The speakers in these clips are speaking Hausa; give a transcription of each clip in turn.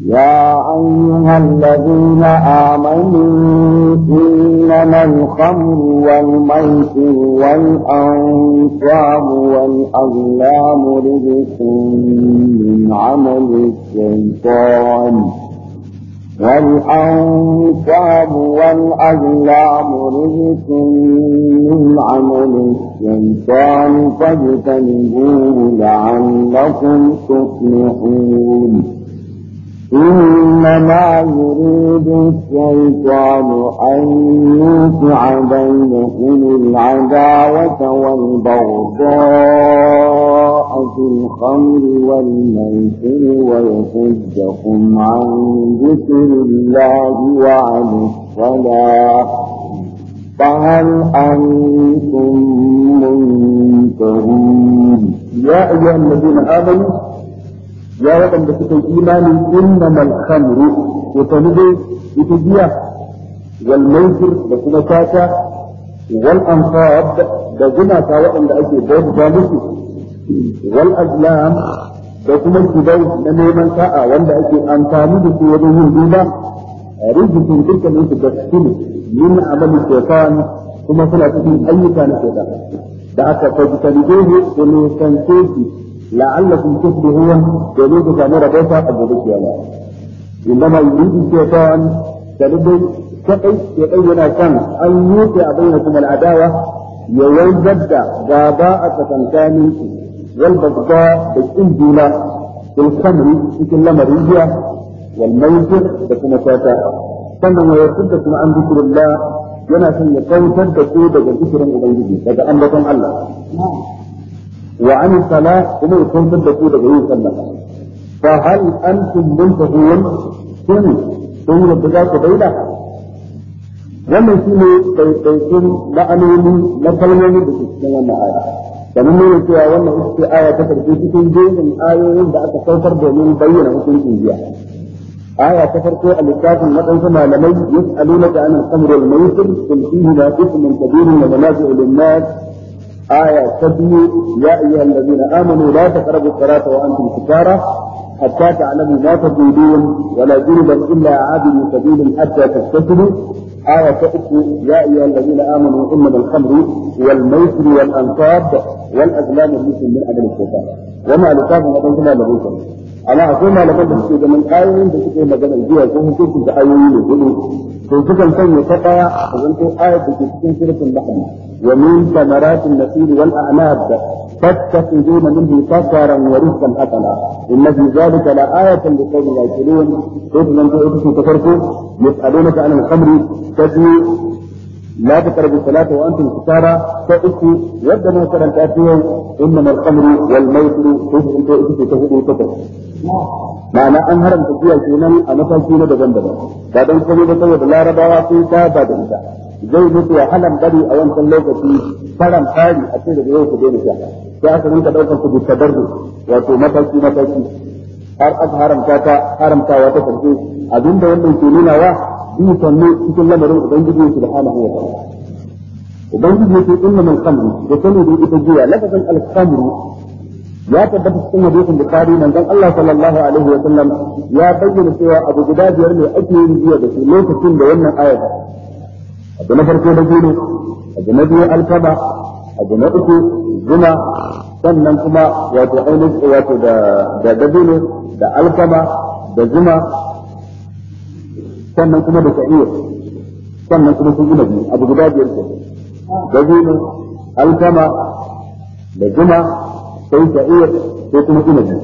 يا أيها الذين آمنوا إنما الخمر والميسر والأنصاب والأغلام رجس من عمل الشيطان والأنصاب والأغلام رجس من عمل الشيطان فاجتنبوه لعلكم تفلحون إنما يريد الشيطان أن يوقع بينكم العداوة والبغضاء في الخمر والميسر ويصدكم عن ذكر الله وعن الصلاة فهل أنتم منتهون يا أيها الذين آمنوا ya waɗanda suka yi imani innamal khamru to ta dai ita giya wal maisir da kuma tata wal ansab da gumaka waɗanda ake bauta musu wal azlam da kuma kidau na neman sa'a wanda ake amfani da su wajen yin duba rijikun dukkanin su gaskiya yin amalin shekaru kuma suna cikin ayyuka na shaitan da aka fajitanijehu da nisan shi la'allakum tuflihun domin ku samu rabota a gobe kiyama innama yuridu shaytan dalilai kadai shaytan yana san an yuke a bainakum al'adawa ya wajar da gaba a tsakankanin ku wal da kin juna cikin lamarin jiya wal maisir da kuma tata sannan wa yasudda kuma an zikrillah yana san ya kautar da ku daga zikirin ubangiji daga ambaton Allah wa an sala kuma ya kautar da ku daga yin sallah fa hal antum muntahun kun kun da za ku daida wannan shine ɗaiɗaikun ma'anoni na kalmomi da ke cikin wannan aya kamar nuna cewa wannan ita ce aya ta farko cikin jerin ayoyin da aka saukar domin bayyana hukuncin jiya آية تفرق الإسلام المدعوث مع لمي يسألونك عن الخمر والميسر قل فيهما إثم كبير ومنافع للناس آية تبني يا أيها الذين آمنوا لا تقربوا الصلاة وأنتم سكارى حتى تعلموا ما تقولون ولا جنبا إلا عابر سبيل حتى تستسلموا آية تأتي يا أيها الذين آمنوا إنما الخمر والميسر والأنصاب والأزلام المسلم من أجل الشيطان وما لكافر أبنتنا لبوسا amma akwai malaman da suke ganin ayoyin da suke magana jiya ko hukunci da ayoyi ne gudu to sukan sanya ta daya a zanto ayat da ke cikin suratul nahl wa min thamaratin nakhil wal a'nab تتخذون منه سكرا ورزقا حسنا ان في ذلك لآية لقوم يعقلون قلت لم تؤتوا تفرقوا يسألونك عن الخمر تتلو لا تقربوا الصلاة وأنتم سكارى فأكوا يد ما كان تأتيهم إنما الخمر والميسر تجد تأتي تهدي تكر معنى أن هرم تجيء كينا أنا تجينا بجنبنا بعد أن saboda طيب لا ربا وفيتا بعد إذا zai mutu ya halan bari a wancan lokaci faran fari a cikin da yau ku daina sha sai aka rinka daukar su wato mataki mataki har aka haramta haramtawa ta karshe abinda wannan ke wa shi sannan cikin lamarin ubangiji shi da halayen ya ubangiji yake inna mal khamru da sani da ita jiya lafazin al ya tabbata cikin hadisin bukhari dan Allah sallallahu alaihi wa sallam ya bayyana cewa abu guda biyar ne ake yin jiya da su lokacin da wannan ayat abu na farko da gine abu na biyu alkaba abu na uku zuma sannan kuma wato ainihin wato da da dabino da alkaba da zuma sannan kuma da sa'iyar. sannan kuma sun biyu. abu guda biyar ke zuwa alkama da juma sai sa'iyar sai kuma biyu.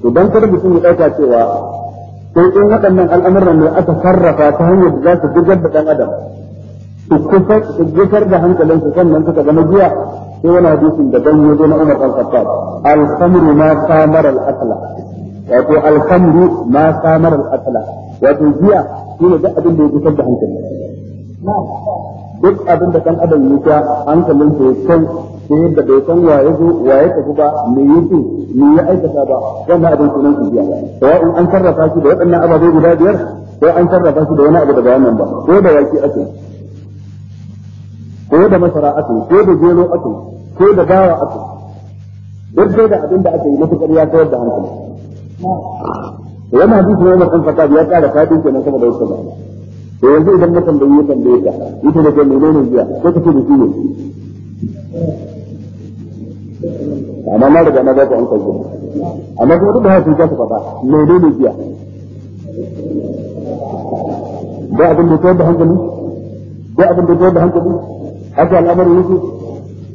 to dan kada mutum ya ɗauka cewa sai in waɗannan al'amuran ne aka sarrafa ta hanyar da za su bugar da ɗan adam su kusa su gusar da hankalinsu sannan suka zama jiya sai wani hadisin da ganye yazo na Umar al-Khattab al samar ma samara al-asla wato al ma samar al wato jiya? shine duk abin da ya fitar da hankali duk abin da kan adam ya sha hankalin sa ya kai ta yadda bai san wa ya zo wa ya tafi ba me ya ce me ya aikata ba wannan abin sunan jiya. Ko sawa'un an sarrafa shi da waɗannan ababai guda biyar ko an sarrafa shi da wani abu da bayanan ba ko da waki ake ko da masara ake ko da gero ake ko da bawa ake duk da abin da ake yi matukar ya kawar da hankali wannan hadisi ne Umar bin Khattab ya tsara fadin kenan sama da wannan bayani to yanzu idan na tambayi ya tambaye ka ita da kai menene biya ko kace da shi ne amma na riga na ba ku an kalli amma kuma duk da haka za su faɗa menene giya da abin da da hankali abin da tayar da hankali haka al'amarin yake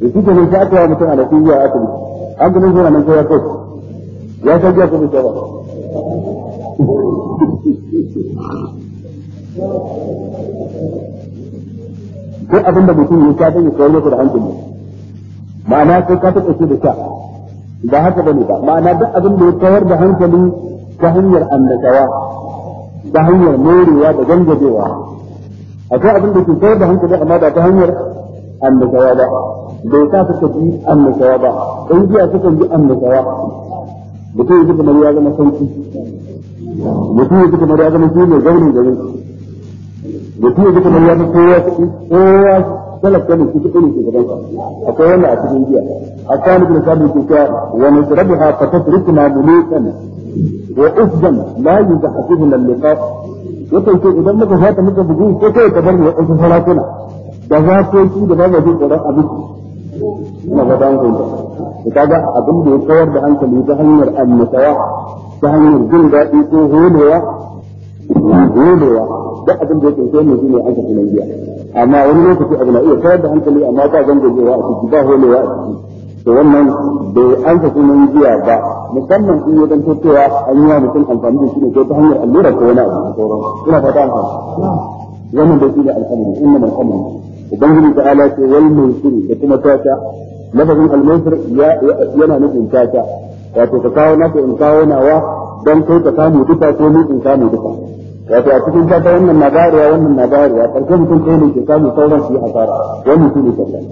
da shi ke sai aka yi mutum a lafiya a asibiti an gani zuwa nan sai ya kai ya san giya ko bai ba ko abin da mutum ya kafa ya kawar masa da hankali ma'ana sai ka taɓa shi da sha ba haka bane ba ma'ana duk abin da ya kawar da hankali ta hanyar annatawa ta hanyar morewa da gangajewa akwai abin da ke kawar da hankali amma ba ta hanyar annatawa ba bai sa suka ji annatawa ba ɗan jiya suka ji annatawa mutum ya ji kamar ya zama sauki mutum ya ji ya zama shi ne gaurin garin mutum ya ji ya fi kowa kowa talaka ne kuka ne shugaban ka akwai wannan a cikin jiya a kanu bin sabu ke cewa wa nasrabuha fatatrukuna mulukan wa usdan la yuzahibuhu al-liqat yakan ce idan muka fata muka bugu ko kai ka bar mu wasu sarakuna da zakoki da ba zai tsoron abinci na ga dan gunta kaga abin da ya kawar da hankali ta hanyar annasawa ta hanyar jin daɗi ko holewa holewa duk abin da ya kunshi wannan shine aka fi biya. amma wani lokaci abu na iya tayar da hankali amma ba zangajewa a ciki ba holewa a ciki to wannan bai an ka sunan giya ba musamman in ya zanto cewa an yi wa mutum amfani da shi ne ko ta hanyar allura ko wani abu da sauran ina fata an wannan bai shine al'amari inna man amana ubangiji ta ala ce wal mai shiri da kuma tata lafazin al-munsir yana nufin tata wato ka kawo naka in kawo nawa don kai ka samu duka ko ni in samu duka wato a cikin ta wannan na bayarwa wannan na bayarwa karshen mutum kai ne ke samu sauran su yi asara wannan shi ne karshen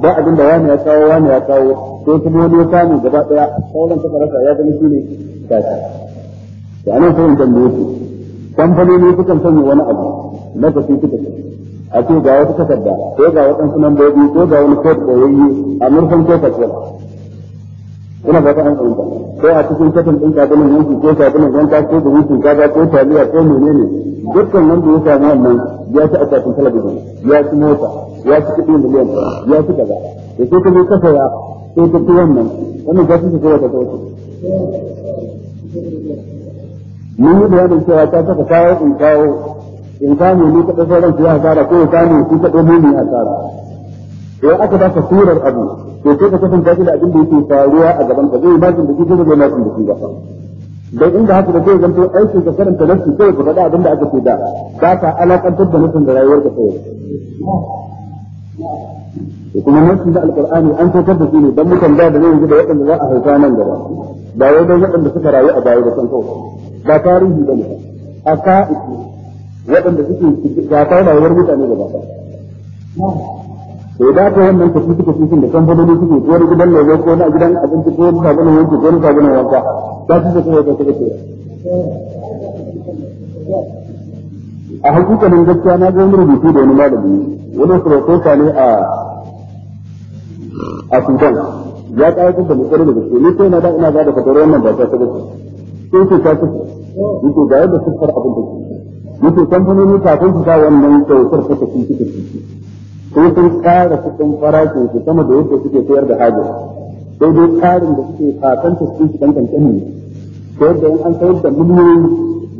ba abin da wani ya kawo wani ya kawo ko kuma wani ya samu gaba daya sauran ta karasa ya zama shi ne kasa da anan sai in tambaye ku kamfanoni kan sanya wani abu lokaci suka sanya a ce ga wata takarda ko ga waɗansu lambobi ko ga wani kod koyayye a murfan ko ina ta an fahimta ko a cikin kafin ɗin sabulun yanki ko sabulun zanta ko da yankin kaza ko taliya ko menene dukkan wanda ya samu wannan ya ci kafin talabijin ya ci mota ya ci kuɗi miliyan ya ci gaba da ke kuma kafa ya sai ta ci wannan wannan za su kowa ta kawai mun yi bayanin cewa ta saka kawo in kawo in kame ni ta sauran su ya hasara ko ya kame shi kaɗai muni hasara. ya aka ba ka surar abu to sai ka kasance da abin da yake faruwa a gaban ka zai bakin da shi zai zai makin da shi ba dan inda haka da zai zanto aikin ka karanta shi sai ka faɗa abin da aka ce da ba ka alakantar da nufin da rayuwar ka sai da kuma nasu da alqur'ani an tokar da shi ne dan mutan da da zai da waɗanda za a hauka nan gaba ba wai dan waɗanda suka rayu a baya da san kawai ba tarihi bane a ka'iki waɗanda suke gafar rayuwar mutane gaba ɗaya sai da ta wannan tafi suka da sun da kamfanoni suke ko na gidan lemo ko na gidan abinci ko na sabon wanki ko na sabon wanka ba su da kai suka ce a hakikanin gaskiya na ga wani rubutu da wani malami wani profesa ne a a Sudan ya kawo da mutane da gaske ne sai na da ina ba da fatawar wannan ba ta ta gaske sai ce ta kace yake ga yadda siffar abin da yake kamfanoni kafin su sa wannan kyautar ta tafi suka sai sun ƙara kuɗin farashin su sama da yadda suke sayar da hajar sai dai ƙarin da suke fatan su cikin su kankanta ne ta yadda an sayar da miliyoyi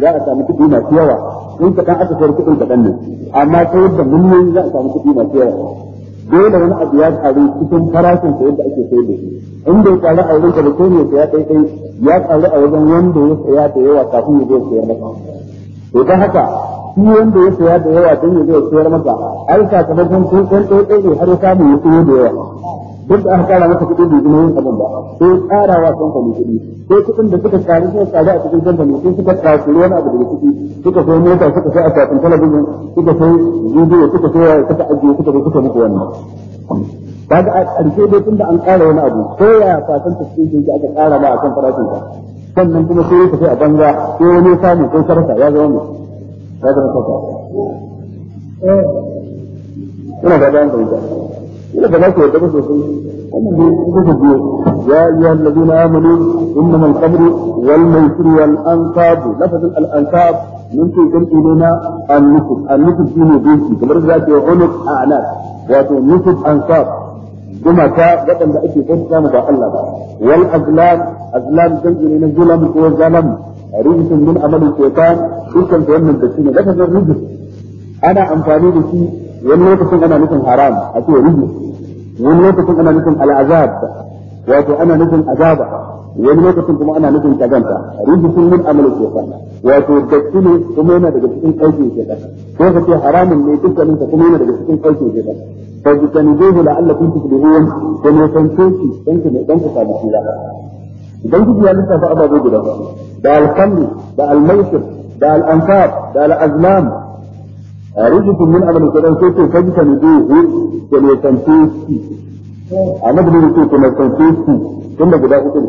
za a samu kuɗi masu yawa in kaɗan aka sayar kuɗin kaɗan ne amma ta yadda miliyoyi za a samu kuɗi masu yawa dole wani abu ya ƙaru cikin farashin sa yadda ake sayar da shi in bai ƙaru a wajen ka da ko ne ya ɗaiɗai ya ƙaru a wajen wanda ya saya da yawa kafin ya zo sayar masa to ta haka shi wanda ya saya da yawa don ya zai sayar masa ai sakamakon ko kan ɗaiɗai ne har ya samu ya sayo da yawa duk da aka kara masa kuɗi da gina yin abin ba sai son kamfani kuɗi sai kuɗin da suka tsari suka tsari a cikin kamfani sai suka tsakuri wani abu daga ciki suka sai mota suka sai akwatin talabijin suka sai bidiyo suka sai suka ajiye suka sai suka muku wannan kaga a ƙarshe dai tunda an ƙara wani abu ko ya fatan tafsirin da aka ƙara ba a kan farashin ka sannan kuma sai ya tafi a banza sai wani samu ko karasa ya zama mutum إيه. يا أيها الذين آمنوا إنما القبر والميسر والأنصاب لفظ الأنصاب من في جمع لنا النسب النسب في بيسي تبرز ذات عنق أعناق ذات نسب أنصاب جمع تاء جدا بأتي فرصة مضاء الله والأزلام أزلام جمع لنا ظلم وظلم rijsun min amalin shaytan dukkan da wannan da shine lafazin rijis ana amfani da shi wani lokacin ana nufin haram a ce rijis wani lokacin ana nufin al'azab wato ana nufin azaba wani lokacin kuma ana nufin kazanta rijsun min amalin shaytan wato da shi ne kuma yana daga cikin aikin shaytan ko ka ce haramun ne dukkanin kuma yana daga cikin aikin ko shaytan fajtanibuhu la'allakum tuflihun kuma san shi dan ku ne dan ku samu Allah ubangiji ya lissafa ababe guda da alkalli da almaisir da al'ansar da al'azlam a rijifin min amalin sadan sai ce fajita ne duhu da ne sanfe shi a madadin ce kuma sanfe shi tun da guda hudu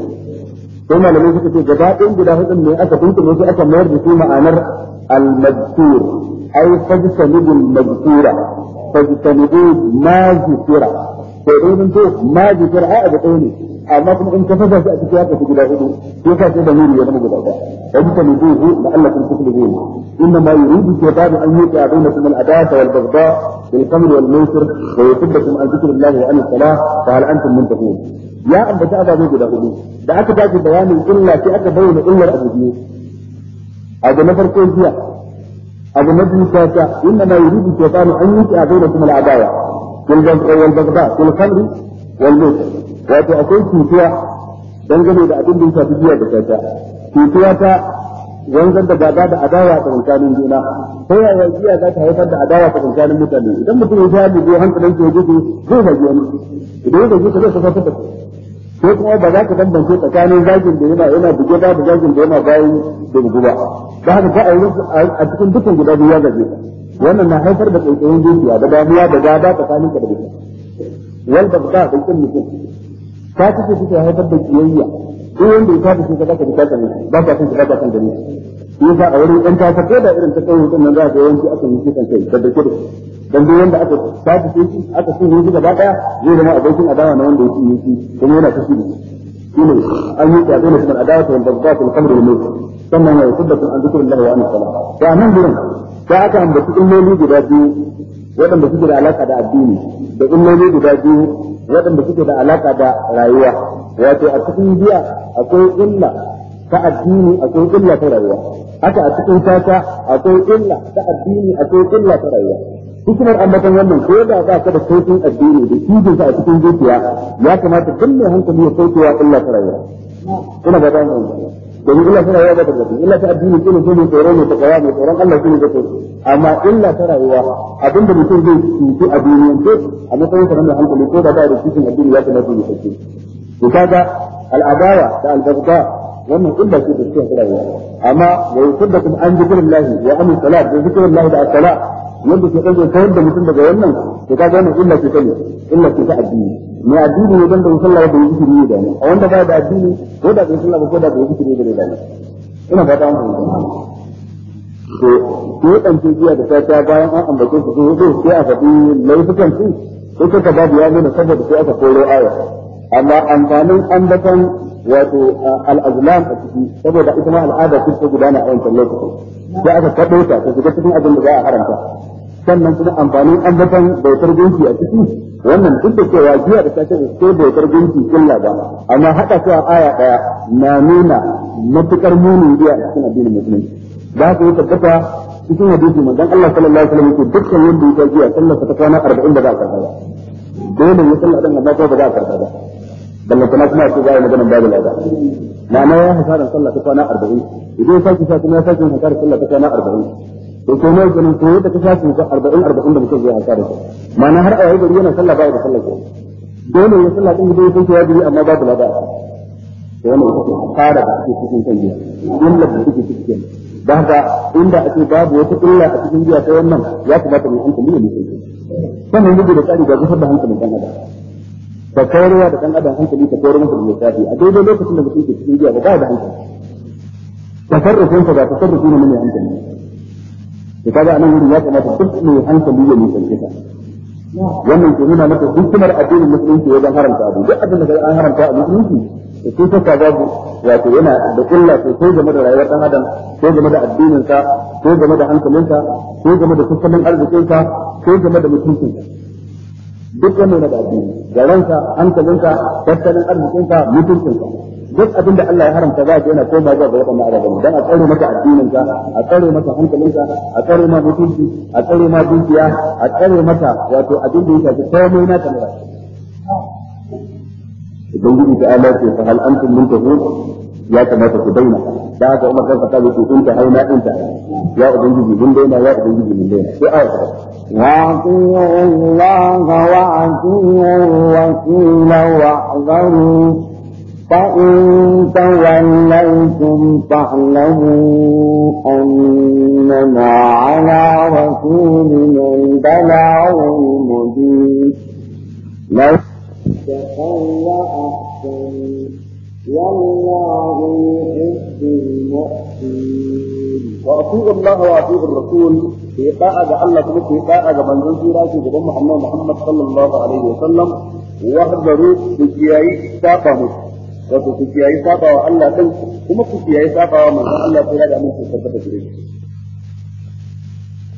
sai malamai suka ce gaba ɗin guda hudun ne aka tuntune su aka mayar da su ma'anar al-majsur ai fajtanibul majsura fajtanibu ma zikira sai dai mun to ma zikira ai abu ɗaya ne amma kuma in ka fasa shi a cikin yaka guda hudu sai ka sai da miri ya zama guda ɗaya wa bisa ne zai da Allah sun kusur zai ne inna ma yuridu shaytanu an yuqa baina kum adata wal baghdha bil khamr wal maisir wa yusaddakum an dhikrillah wa an salah fa hal antum muntahun ya ambata ababe guda hudu da aka tashi bayanin illa sai aka bayyana illar abu biyu ga na farko jiya ga na biyu ta inna ma yuridu shaytanu an yuqa baina kum al wal baghdha wal khamr wal maisir wato akwai cutuwa dangane da abin da ya shafi da kyauta cutuwa ta wanzan da gaba da adawa a tsakanin juna ta yaya jiya za ta haifar da adawa a tsakanin mutane idan mutum ya sha biyu hankalin ke gudu zai haji wani idan ya zagi ta zai tafafa da ko kuma ba za ka bambance tsakanin zagin da yana yana buge ba da zagin da yana bayan da bugu ba ba haka ba a cikin dukkan guda biyu ya gaje wannan na haifar da tsaitsayin dukiya da damuwa da gaba tsakanin ka da mutum wal bagda da kin mutum ta kace take haifar da kiyayya ko wanda ya kafa shi ka zaka bukata ne ba ka san ka ba ka gani yasa a wurin ɗan ta ko da irin ta kai din nan za ka yawanci akan yi kan kai da dake dan duk wanda aka kafa shi aka shi ne gaba daya zai zama abokin adawa na wanda yake yi kuma yana kashi da shi an yi ta dole kuma adawa ta wanda ta kamar da mai sannan ya tabbata an zikrullahi wa anna salat da nan gurin da aka ambaci illoli guda biyu waɗanda suke da alaƙa da addini da illoli guda biyu waɗanda suke da alaka da rayuwa wato a cikin biya akwai illa ta addini akwai illa ta rayuwa haka a cikin tata akwai illa ta addini akwai illa ta rayuwa hikimar ambatan wannan ko da ba ka da sautin addini da kijin a cikin zuciya ya kamata duk mai hankali ya sauke wa illa ta rayuwa ina ba ta domin illa tana yawa da gaske illa ta addini ne ne tsoro ne takawa ne tsoron Allah ne da tsoro amma illa ta rayuwa abinda mutum zai cuci a duniyance a matsayin sa na hankali ko da ba da cikin addini ya kamata ya sake to kaga al'adawa da al-baghdad wannan illa ce da cikin rayuwa amma wa yusaddakum an zikrillahi wa an salat da zikrillahi da as-salat yadda ke ɗauke kawar da mutum daga wannan to ka gane illa ce ta ne illa ce ta addini ne addini ne don da musalla da yi zikiri da ne a wanda ba da addini ko da bai sallah ba ko da bai zikiri da ne ina fata an fahimta to ko dan ce jiya da ta bayan an ambace su hudu sai a faɗi laifukan su ko ka babu ya nuna saboda sai aka koro aya amma amfanin ambatan wato al-azlam a ciki saboda ita ma al'ada ce ta gudana a wancan lokacin da aka kaɗo ta ta shiga cikin abin da za a haramta sannan kuma amfanin ambatan bautar gunki a ciki wannan duk da cewa jiya da sace sai bautar gunki killa ba amma haɗa su a aya ɗaya na nuna matukar munin biya a cikin addinin musulunci Za ka yi tabbata cikin hadisi manzon Allah sallallahu alaihi wasallam yake dukkan wanda ya jiya sallar ta kwana 40 da za a karɓa dole ne sallar dan amma ba za a karɓa ba ballantana kuma ce za a yi maganar babu lada ma'ana ya hasara sallah ta kwana arba'in idan ya sake sa kuma ya sake hasara sallah ta kwana arba'in to ko ne ganin ko yadda ka sake sa arba'in arba'in da mutum zai hasara sa ma'ana har a yayi gari yana sallah bai da sallah ko dole ya sallah din da ya kunce ya gari amma babu lada to wannan ita ce hasara da take cikin kan giya illa da take cikin da haka inda ake babu wata illa a cikin giya ta wannan ya kamata mu hankali ne mu sannan duk da tsari ga gusar da hankalin dan adam ka kawarwa da dan adam hankali ta kawar masa da lissafi a daidai lokacin da mutum ke cikin giya ba ba da hankali tasarrufin sa ba tasarrufi ne mai hankali to kaga anan wurin ya kamata duk mai hankali ya nisanci ta wannan ke nuna maka hikimar addinin musulunci wajen haramta abu duk abin da kai an haramta a musulunci to sai ta kaga wato yana da illa sosai game da rayuwar dan adam ko game da addinin sa ko game da hankalinsa ko game da tattalin arzikin sa ko game da mutuncinsa duk wanda yana da addini da ranka hankalinka tattalin arzikinka mutuncinka duk abin da Allah ya haramta za ka yana koma zuwa ga wadannan ababen dan a tsare maka addininka a tsare maka hankalinka a tsare ma mutunci a tsare ma dukiya a tsare maka wato abin da yake komai na kamar ubangiji ta Allah ce fa hal antum muntahun ya kamata ku daina da haka Umar kan fata yake in ta haina in ya ubangiji mun daina ya ubangiji mun daina sai ayar ta wa Allah wa atiyu wasila wa azaru فإن توليتم فاعلموا أنما على رسولنا البلاغ المبين لو تقوى أحسن والله يحب المحسنين واطيع الله واطيع الرسول في طاعة الله كما في طاعة من ذكر في جبل محمد محمد صلى الله عليه وسلم واحذروا بجياي ساقه وتجياي ساقه الله كما تجياي ساقه من الله تعالى من تثبت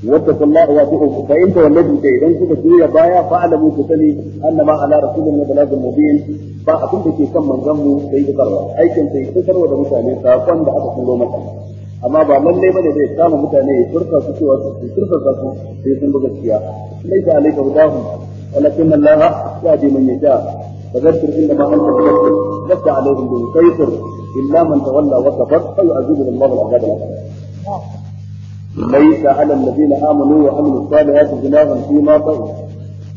واتقوا الله واتقوا فإن تولدوا إذا كنت سوريا بايا فاعلموا كتلي أنما على رسول من بلاد المبين فأكون بكي كم من ذنبه سيد قروة أي كم سيد قروة دمتاني فأكون بحق الله مثلا amma ba lallai bane zai kama mutane ya turka su cewa su turka su sai sun bi gaskiya laisa alayka hudahum walakin allaha yahdi man yasha fadhakkir inna ma anta mudhakkir lasta alayhim bi musaytir illa man ليس على الذين آمنوا وعملوا الصالحات جناح فيما طغوا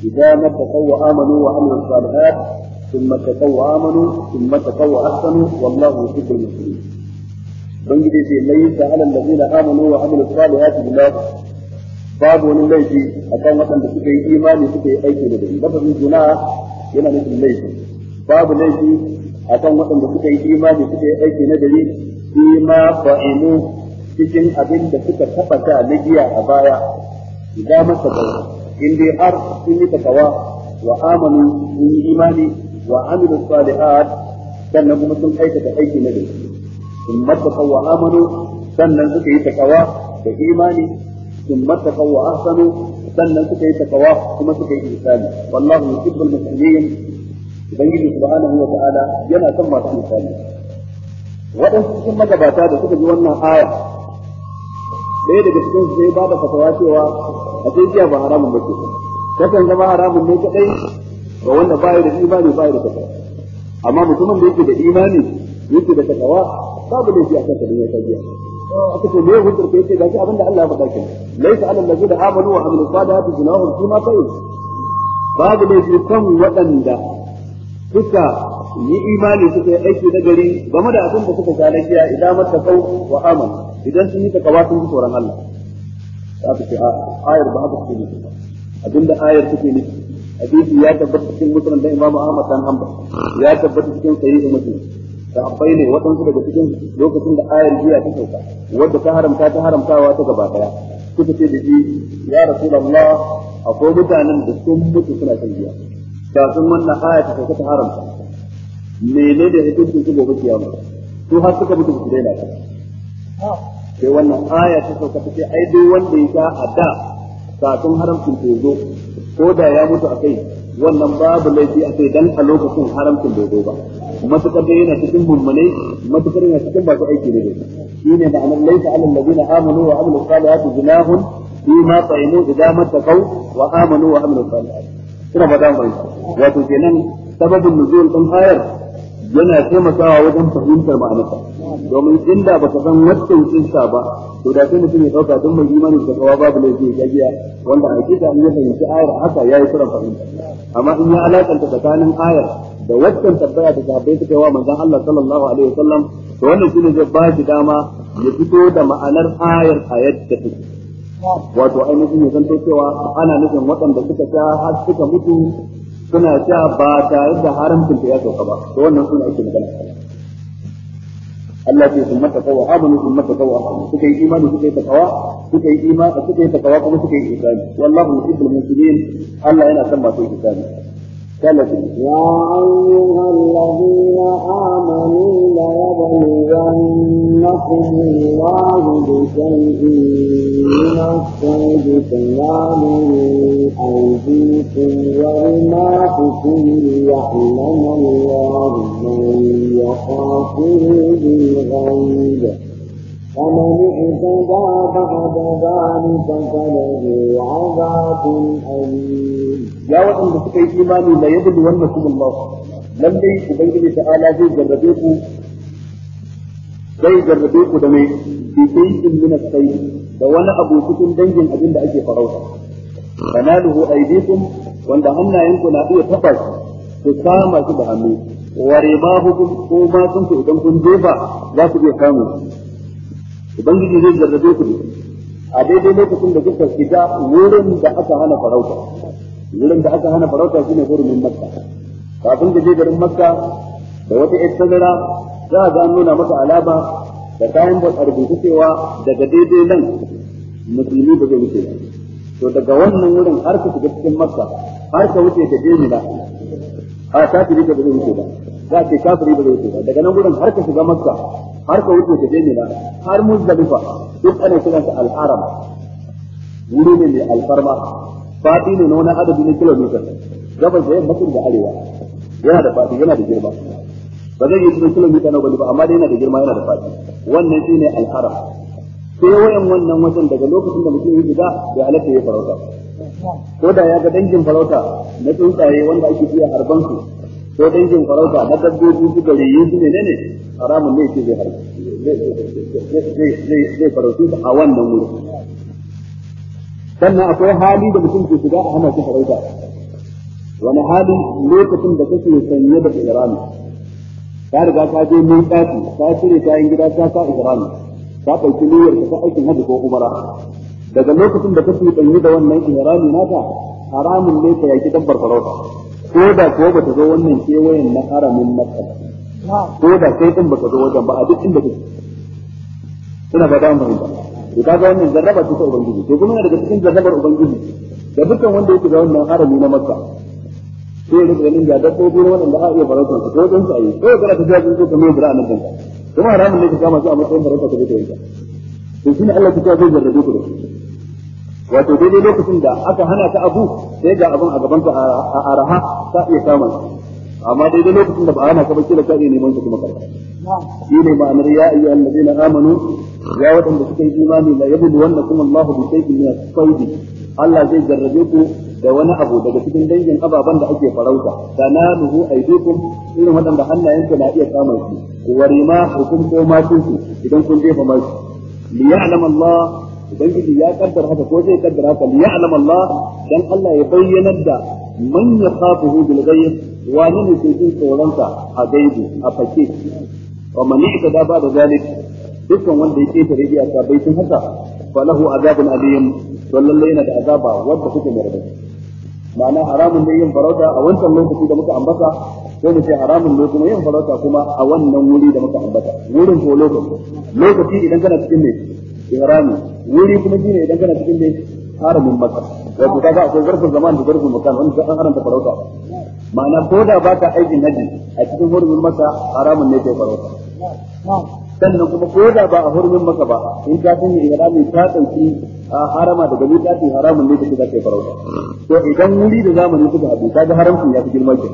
إذا ما اتقوا وآمنوا وعملوا الصالحات ثم اتقوا وآمنوا ثم اتقوا وأحسنوا والله يحب المسلمين بنجد في ليس على الذين آمنوا وعملوا الصالحات جناح babu wani laifi a kan waɗanda suka yi imani suka yi aiki da dai lafazin juna yana nufin laifi babu laifi a kan waɗanda suka yi imani suka yi aiki na dare fi ma fa'ilu cikin abin da suka taba ta na giya a baya da masa bai in dai har sun yi takawa wa amanu sun yi imani wa amilu salihat sannan kuma sun aikata aiki na gari sun mattaka wa amanu sannan suka yi takawa da imani sun mattaka wa ahsanu sannan suka yi takawa kuma suka yi ihsani wallahu yuhibbul muslimin ubangiji subhanahu wa ta'ala yana son masu misali. waɗansu cikin magabata da suka ji wannan aya ɗaya daga cikin su sai ba da fatawa cewa a sai giya ba haramun ba ce kasan zama haramun ne kadai ga wanda ba da imani ba da fatawa amma mutumin da yake da imani yake da fatawa babu laifi a kan kadin ya giya aka ce me hujjar ka yace gashi abinda Allah ya faɗa kin laysa alal ladina amanu wa amilu salihati junahum fi ma qalu babu laifi kan waɗanda suka yi imani suka yi aiki na gari game da abin da suka gane giya idan mata kau wa amanu idan sun yi takawa sun ji tsoron Allah da aka ce ayar ba haka suke nufi abinda ayar suke nufi hadisi ya tabbata cikin musulun da imamu Ahmad dan Hanbal ya tabbata cikin sahihi muslim da akwai ne waɗansu daga cikin lokacin da ayar jiya ta sauka wadda ta haramta ta haramtawa ta gaba ɗaya suka ce da shi ya rasulullah akwai mutanen da sun mutu suna kan jiya da sun wannan aya ta sauka ta haramta menene hukuncin su gobe kiyama su har suka mutu su daina sai wannan aya ta sauka ta ce ai duk wanda ya ga a da kafin haramcin ta zo ko da ya mutu a kai wannan babu laifi a kai dan a lokacin haramcin bai zo ba matukar da yana cikin mummune matukar yana cikin ba aiki ne shine ma'anar laifi alal na amanu wa amilus salihati junahun fi ma tsayimu idan mattaqau wa amanu wa amilus salihati kina ba dan bai wato kenan sababin nuzul din ayar yana taimakawa wajen fahimtar ma'anarsa domin inda baka san waccan sa ba to da sai mutum ya dauka don mai imani da kawa babu laifi ya gajiya wanda a hakika an ya fahimci ayar haka yayi tura fahimta amma in ya alakanta tsakanin ayar da waccan tabbaya da sahabbai suka yi wa manzon Allah sallallahu alaihi wasallam to wannan shine zai ba shi dama ya fito da ma'anar ayar a yadda take wato ainihin ya zanto cewa ana nufin waɗanda suka sha har suka mutu suna sha ba tare da haramcin ta ya sauka ba to wannan suna ake magana Allah ce sun mata kawo amanu sun mata kawo amanu suka yi imani suka yi takawa suka yi imani suka yi takawa kuma suka yi isani wallahu yuhibbul muslimin Allah yana son masu isani يا أيها الذين آمنوا ليبلونكم الله بشيء من الصيد تنامه أيديكم ورماحكم ليعلم الله من يخافه بالغيب فمن اعتدى بعد ذلك فله Ya أليم يا وطن بسكي إيماني لا يبلونكم الله lallai ubangiji ta'ala zai jarrabe ku zai jarrabe ku da mai bikin in min sai da wani abu dangin abin da ake farauta kanaluhu aydikum wanda hannayenku na iya tafa su kama su da hannu wa ribahukum ko ma idan kun jefa za ku iya samu ubangiji zai zarrabe ku a daidai lokacin da kuka shiga wurin da aka hana farauta wurin da aka hana farauta shine hurumin makka kafin da je garin makka da wata yar tazara za a ga nuna maka alama da kayan da rubutu cewa daga daidai nan musulmi ba zai wuce ba to daga wannan wurin har ka shiga cikin makka har ka wuce da jemila a kafiri ba zai wuce ba za a ce kafiri ba zai wuce ba daga nan wurin har ka shiga makka har ka wuce ka je mina har muzdalifa duk ana al-haram wuri ne mai alfarma fadi ne na wani adadi na kilomita gabas da yamma da arewa yana da fadi yana da girma ba zai yi cikin kilomita na bali ba amma dai yana da girma yana da fadi wannan shi al-haram sai wayan wannan wajen daga lokacin da mutum ya shiga bai halatta ya farauta ko da ya ga dangin farauta na tsuntsaye wanda ake iya harban su ko dangin farauta na dabbobi suka rayu su ne ne haramun ne ce zai harbi zai a wannan wuri sannan akwai hali da mutum ke shiga a hana shi farauta wani hali lokacin da kake sanye da ihrami ka riga ka je mun kafi ka cire kayan gida ka sa ihrami ka ɗauki niyyar ka ta aikin hajji ko umara daga lokacin da kake sanye da wannan ihrami naka haramun ne ka yaki dabbar farauta ko da ko bata zo wannan kewayen na haramin makka ko da kai din baka zo wajen ba a duk inda kake ina ba da mu ba to kaga wannan jarraba ta ubangiji to kuma daga cikin jarrabar ubangiji da dukkan wanda yake da wannan harami na makka sai ya rika ganin ga dabbobi na wanda a iya farautar su ko dan sai ko kana ta jaji ko kamar bira nan kanka kuma haramun ne ka kama su a matsayin farautar ka da yanka to ne Allah ta zai jarrabe ku da shi wato daidai lokacin da aka hana ta abu sai ga abin a gaban ta a araha ta iya kama amma daidai lokacin da ba ana ka kira da neman su kuma karɓa shi ne ma'anar ya ayyuhal ladina amanu ya waɗanda suka yi imani la yabudu kuma Allahu bi shay'in min as-saydi Allah zai jarrabe ku da wani abu daga cikin dangin ababen da ake farauta da na nuhu aidikum irin waɗanda hannayenku na iya samun su ku wari ma hukum ko su idan kun jefa masu li ya'lam Allah ya kaddara haka ko zai kaddara haka li ya'lam Allah dan Allah ya bayyanar da man yakhafuhu bil ghaib wani ne ke jin tsoronsa a gaibu a fake wa mani ita da ba da zalik dukkan wanda ya keta rage a sabai sun haka falahu azabun aliyim to lalle yana da azaba wanda kuke mai rabe ma'ana haramun ne yin farauta a wancan lokaci da muka ambata ko mu ce haramun ne kuma yin farauta kuma a wannan wuri da muka ambata wurin ko lokaci lokaci idan kana cikin ne ihrami wuri kuma shine idan kana cikin ne haramin maka wato kaga akwai zarfin zaman da zarfin makan wanda an haramta farauta ma'ana ko da ba ta aikin haji a cikin hurumin masa haramun ne ke farauta sannan kuma ko da ba a hurumin masa ba in ka sanya ihrami ta dauki harama daga ni ta haramun ne kai ke farauta to idan wuri da zamani suka haɗu ga haramcin ya fi girma ke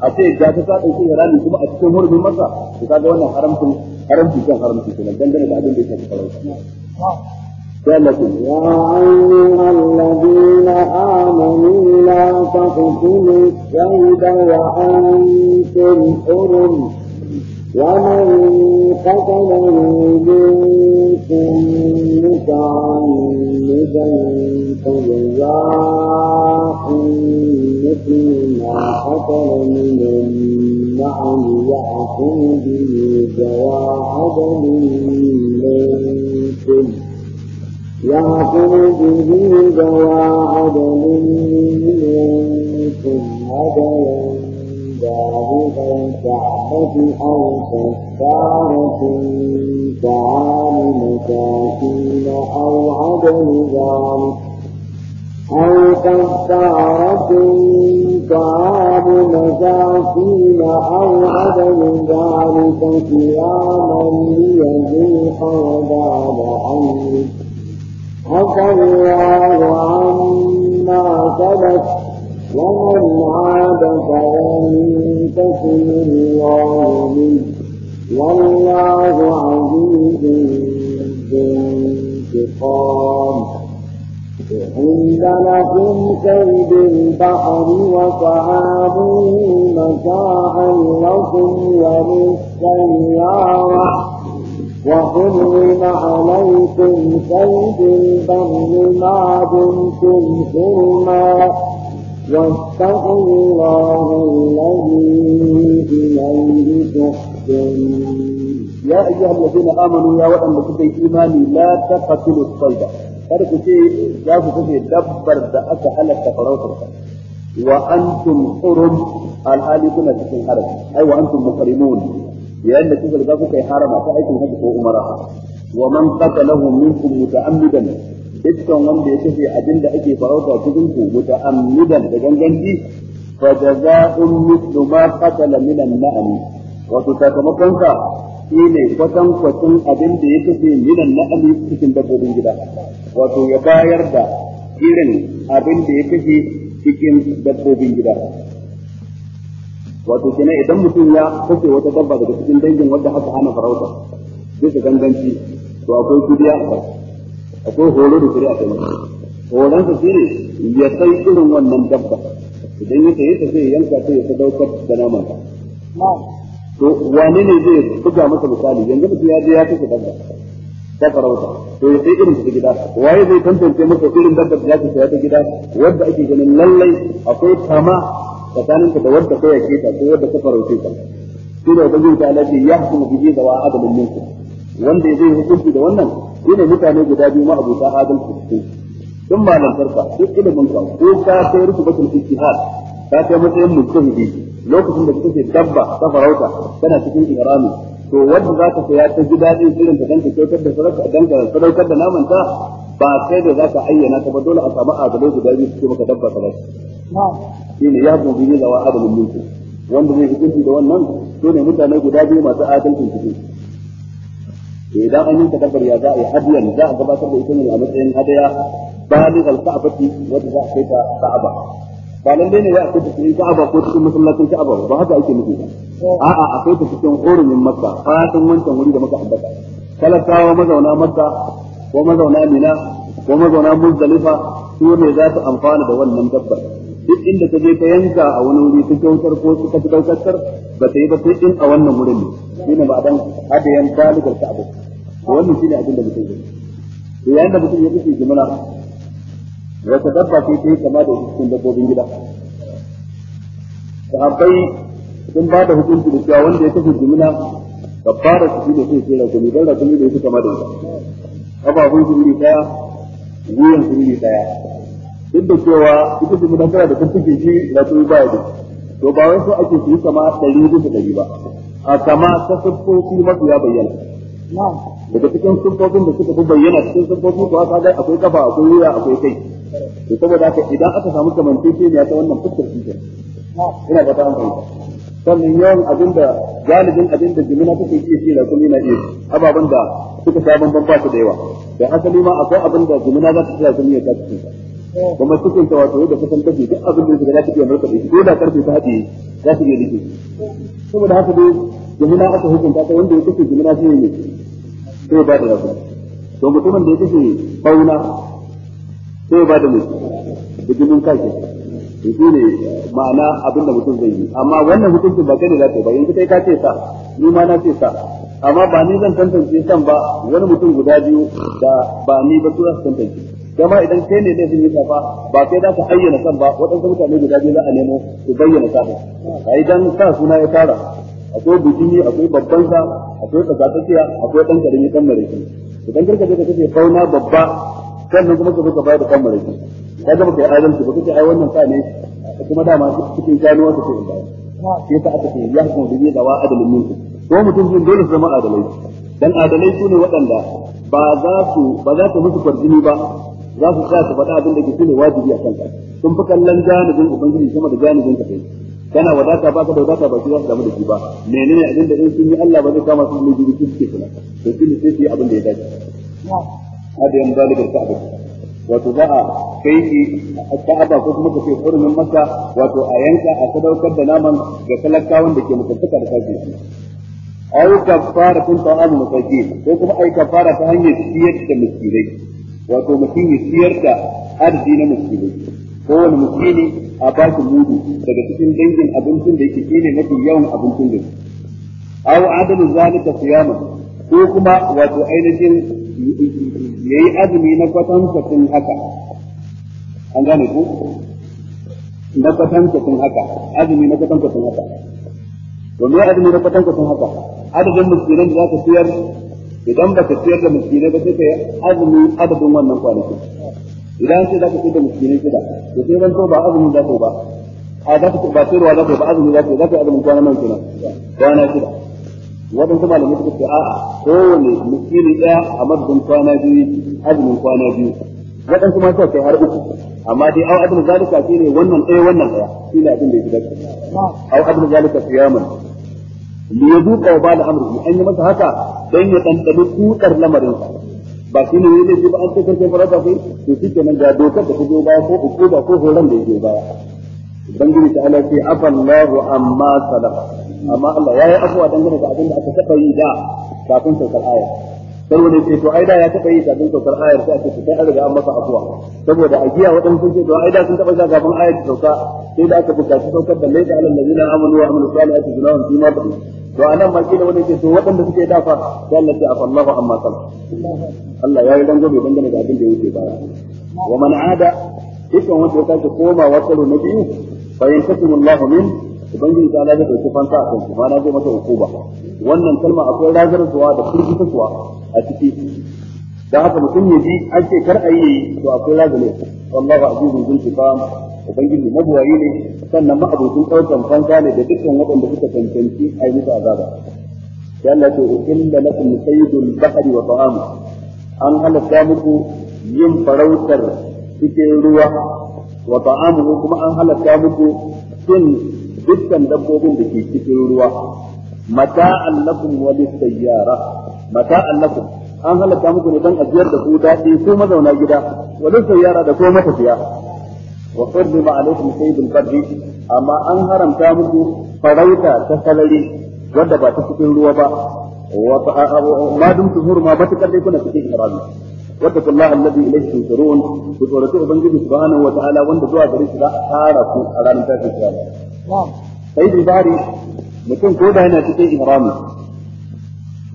a ce ga ta sa dauki ihrami kuma a cikin hurumin masa to kaga wannan haramcin haramcin kan haramcin kenan dangane da abin da yake farauta سلكوا يا أيها الذين آمنوا لا تقتلوا الشهد وأنتم حرم ومن قتله منكم متعمدا فجزاء مثل ما قتل من النعم يحكم به جواهد منكم يعقل به ذوى عدل منكم هديا بالغ الكعبة أو كفارة طعام مساكين أو عدل ذلك أو كفارة طعام مساكين أو عدم ذلك صياما ليذوق وبال أمره عفى الله عما سلف ومن عاد فينتقم الله منه والله عزيز ذو انتقام أحل لكم كيد البحر وطعامه متاعا لكم وللسيارة وحرم عليكم صيد البر ما دمتم حرما واتقوا الله الذي إليه تحكم يا أيها الذين آمنوا يا وطن لكم إيماني لا تقتلوا الصيد تركوا شيء لا تقتلوا دبر دأك على التفروت وأنتم حرم الآلي كنا تكون حرم أي أيوة، وأنتم محرمون yayin da kuka riga kuka yi harama ta aikin hajji ko umara wa man qatalahu minkum muta'ammidan dukkan wanda ya kashe abin da ake farauta cikin ku muta'ammidan da ganganci fa jazaa'un mithlu ma qatala min an-na'am wato sakamakon sa shine kwatan kwatan abin da ya kashe min an-na'am cikin dabbobin gida wato ya bayar da irin abin da ya kashe cikin dabbobin gida wato kenan idan mutum ya kace wata dabba daga cikin dangin wanda aka hana farauta bisa ganganci to akwai kudiya a kai akwai horo da kuri'a kai horon sa shine ya kai irin wannan dabba idan ya kai ta zai yanka ta ya daukar da naman Na. to wani ne zai buga masa misali yanzu mutum ya je ya kace dabba ta farauta to ya sai irin ta gida waye zai tantance masa irin dabba da ya kace ta gida wanda ake ganin lallai akwai kama tsakanin da wanda ko yake ta ko wanda ka farauce ta shi ne ubangiji ta Allah ya hukumu bihi da wa adalin minkum wanda zai hukunci da wannan shine mutane guda biyu ma abuta adalci cikin duk malantarka duk ilimin ka ko ka kai rukubatul ijtihad ka kai matsayin mujtahidi lokacin da kake dabba ta farauta kana cikin ihrami to wanda za ka saya ta ji daɗin irin ta danka kyautar da danka da naman ta ba kai da zaka ayyana ta ba dole a samu adalai guda biyu suke maka dabba kamar shi ne ya gobe ne zawa adalin mulki wanda zai hukunci da wannan dole mutane guda biyu masu adalcin cikin eh, idan an yi takabbar ya za a yi hadiyan za a gabatar da ita ne a matsayin hadaya balig al-ka'bati wanda za a kai ta ka'aba ba lalle ne ya kai ta cikin ka'aba ko cikin masallacin ka'aba ba haka ake nufi a'a a kai ta cikin hurumin makka fatan wancan wuri da muka ambata talakawa mazauna makka ko mazauna mina ko mazauna muzdalifa su ne za su amfana da wannan dabbar duk inda ka je ka yanka a wani wuri ta kyautar ko su ka daukatar ba ta yi ba sai in a wannan wurin ne shine ba dan hadayan dalikar ta abu wannan ne abin da mutum yake to yayin da mutum ya kace jimina, wata dabba ce ta yi kama da cikin dabbobin gida sahabbai sun ba da hukunci da cewa wanda ya kace jimla kabbara su ne sai sai ragumi dan ragumi da yake kama da ita kafafun su iri ɗaya, wuyan su iri ɗaya. duk da cewa ita su mudan da kan suke shi da su ba da to ba wai so ake su yi kama ɗari da ɗari ba a kama ta siffofi masu ya bayyana daga cikin siffofin da suka fi bayyana cikin siffofi ko aka ga akwai kafa akwai wuya akwai kai to saboda haka idan aka samu kamantacce ne ta wannan fuskar shi ina ga ta hankali sannan yawan abin da galibin abin da jimina suke iya ci da kuma yana iya ababen da suka sa ban ba su da yawa da asali ma akwai abin da jimina za su ci da kuma ya ci kuma cikin ta wato da kusan kashi duk abin da suka za iya murka shi ko da karfe ta haɗe za su iya rike kuma da haka dai jimina aka hukunta ta wanda ya kace jimina shi ne sai ba da rabu to mutumin da ya kace bauna sai ba da mutum da jimin kai to shi ne ma'ana abin da mutum zai yi amma wannan hukuncin ba kai ne za ka yi ba yanzu kai ka ce sa ni ma na ce sa amma ba ni zan tantance san ba wani mutum guda biyu da ba ni ba su su tantance kama idan kai ne laifin yi safa ba kai za ka ayyana san ba waɗansu mutane guda biyu za a nemo su bayyana safa a idan sa suna ya tara akwai bijimi akwai babban sa akwai tsakatsakiya akwai ɗan karami kan mareki idan karka je ka kace fauna babba sannan kuma ka zo ka bayar da kan mareki ya ga baka yi adalci ba kace ai wannan sa ne kuma dama cikin ganuwa ta ce in bayar shi yasa aka ce ya hukumu bihi dawa adalin minku ko mutum sun dole su zama adalai dan adalai su ne waɗanda ba za su ba za su musu farjini ba za su sa su faɗa abin da ke shine wajibi a kanka sun fi kallon janibin ubangiji sama da janibin ka kai kana wadata ba ka da wadata ba shi za su damu da shi ba menene abin da in sun yi Allah ba zai kama su ne jibi suke kula to shi ne sai su yi abin da ya dace hada yan zalikar ka'aba wato za a kai shi ka'aba ko kuma ka ce hurumin maka wato a yanka a sadaukar da naman ga talakawan da ke mutuntuka da kafin shi aw kafara kun ta'amu masakin ko kuma ai kafara ta hanyar siyar da miskinai wato mutum ya siyar da arzi na miskinai kowane miskini a ba shi mudu daga cikin dangin abincin da yake shine mafi yawan abincin da aw adalu zalika siyama ko kuma wato ainihin yayi azumi na kwatanta tun haka an gane ku na sun haka azumi na sun haka to me azumi na sun haka adadin miskinan da za ka siyar idan ba ka siyar da miskinai ba sai yi azumi adadin wannan kwanaki idan sai za ka siyar da miskinai shida to sai zan ba azumin za ka yi ba a za ka ba sayarwa za ka yi ba azumi za ka yi za ka yi azumin kwana nan kwana shida waɗansu malamai suka ce a'a kowane miskini ɗaya a madadin kwana biyu azumin kwana biyu waɗansu ma suka kai har uku amma dai au adnu zalika shine wannan ɗaya wannan ɗaya shine abin da ya shiga au adnu zalika siyaman li yaduqa ba da amri an yi masa haka dan ya dandani kutar lamarin sa ba shi ne ne ba an ce karfe farata kai to shi kenan ga dokar da kuzo baya ko uku ba ko horan da yake baya ubangiji ta ala ce afallahu amma salafa amma Allah yayi afwa dangane da abin da aka taba yi da kafin saukar aya saboda ce to aida ya taba yi kafin saukar ayar sai ake ce kai an riga an masa afuwa saboda a giya waɗansu sun ce to aida sun taba sha kafin ayar ta sauka sai da aka bukaci saukar da laita alal ladina amanu wa amilu salihati junahum fi ma ba'd to anan ma kila wanda ce to waɗanda suke dafa sai Allah ya afa Allahu amma sal Allah ya yi dangobe dangane da abin da yake baya wa man ada dukkan wanda ya sake komawa karo na biyu fa yantasimu Allahu min ubangiji ta lafi dauki fanta a kan ba na zai mata hukuma wannan kalma akwai razarzuwa da zuwa a ciki da haka mutum ya ji an ce kar a yi to akwai razale wallahu azizun zul fiqam ubangiji mabuwayi ne sannan ma'abucin ɗaukan fanta ne da dukkan waɗanda suka cancanci a yi musu azaba sai Allah ce inda lakum sayyidul bahri wa ta'amu an halatta muku yin farautar cikin ruwa wa ta'amu kuma an halatta muku cin dukkan dabbobin da ke cikin ruwa mata'an lakum wa lisayyara mata lakum an halatta muku ne dan ajiyar da ku daɗi, ko mazauna gida wa lisayyara da ko matafiya wa qurrima alaikum sayyidul fardi amma an haramta muku farauta ta salari wanda ba ta cikin ruwa ba wa ma dum tuhurma ba ta kalle kuna cikin harabi واتقوا الله الذي اليه تنصرون وتورثوا بنجي سبحانه وتعالى وان دعاء بريش لا حاركوا على نتاج الكلام sai zari mutum ko da yana cikin ihrami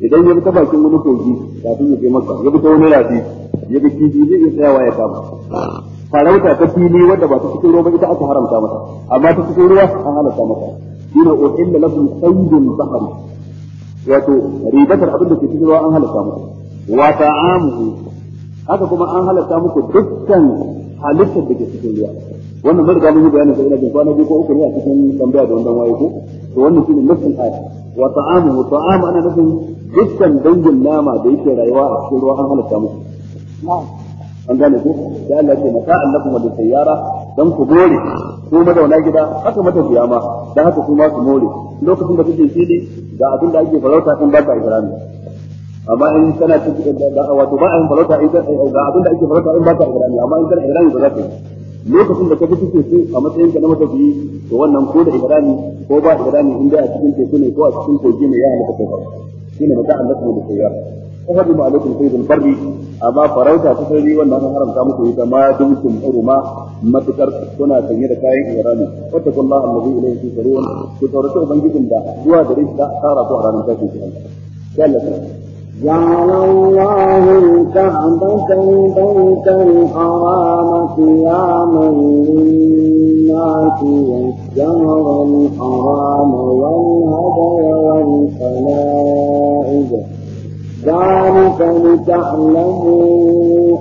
idan ya bi ta bakin wani kogi kafin ya je maka ya bi ta wani rafi ya bi kifi zai iya tsayawa ya kama farauta ta fili wadda ba ta cikin ruwa ita aka haramta mata amma ta cikin ruwa an halatta mata shine uhilla lakum sayyidun bahri wato ribatar abin da ke cikin ruwa an halatta mata wa ta'amuhu haka kuma an halatta muku dukkan halittar da ke cikin ruwa wannan mun riga mun yi bayanin sai ina kwana biyu ko uku ne a cikin tambaya da wannan waye ko to wannan shine nufin ayat wa ta'amu wa ta'amu ana nufin dukkan dangin nama da yake rayuwa a cikin ruwa an halatta musu an gane ko da Allah ke mata annakum wal sayyara dan ku more ko madauna gida haka mata biya ma. dan haka kuma su more lokacin da kuke fili ga abin da ake farauta kan baka Ibrahim. amma in kana cikin da wato ba a yin farauta ga abin da ake farauta in baka Ibrahim ikrami amma in kana ikrami ba za ka yi lokacin da ka fi cikin su a matsayin ka na matafiyi to wannan ko da ibrani ko ba ibrani inda a cikin teku ne ko a cikin kogi ne ya halaka ko ba shi ne mata Allah da koyar kuma da alaikum sayyidul barri amma farauta ta sai wannan an haramta muku ita ma dumtum uruma matukar kuna sanye da kayan ibrani wata kullaha allazi ilayhi tusarun ku taurata ubangijin da zuwa gare shi ta tara ko a ranar tashin kiyama جعل الله الكعبة البيت الحرام قياما للناس والشهر الحرام والهدي والقلائد ذلك لتعلموا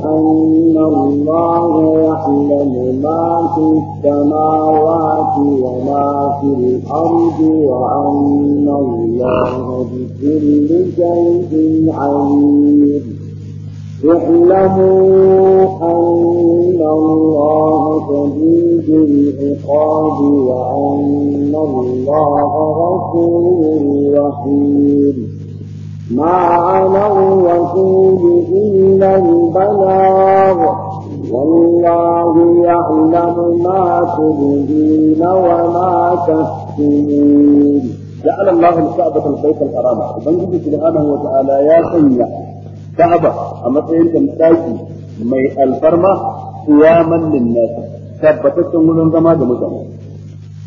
أن الله يعلم ما في السماوات وما في الأرض وأن الله كل شيء عليم اعلموا أن الله شديد العقاب وأن الله رسول رحيم ما على الرسول إلا البلاغ والله يعلم ما تبدين وما تكتمون جعل الله الكعبة البيت الحرام ubangiji subhanahu wa ta'ala ya sanya Ka'aba a matsayin tamsaki mai alfarma qiyaman lin-nas tabbataccen wurin zama da mutane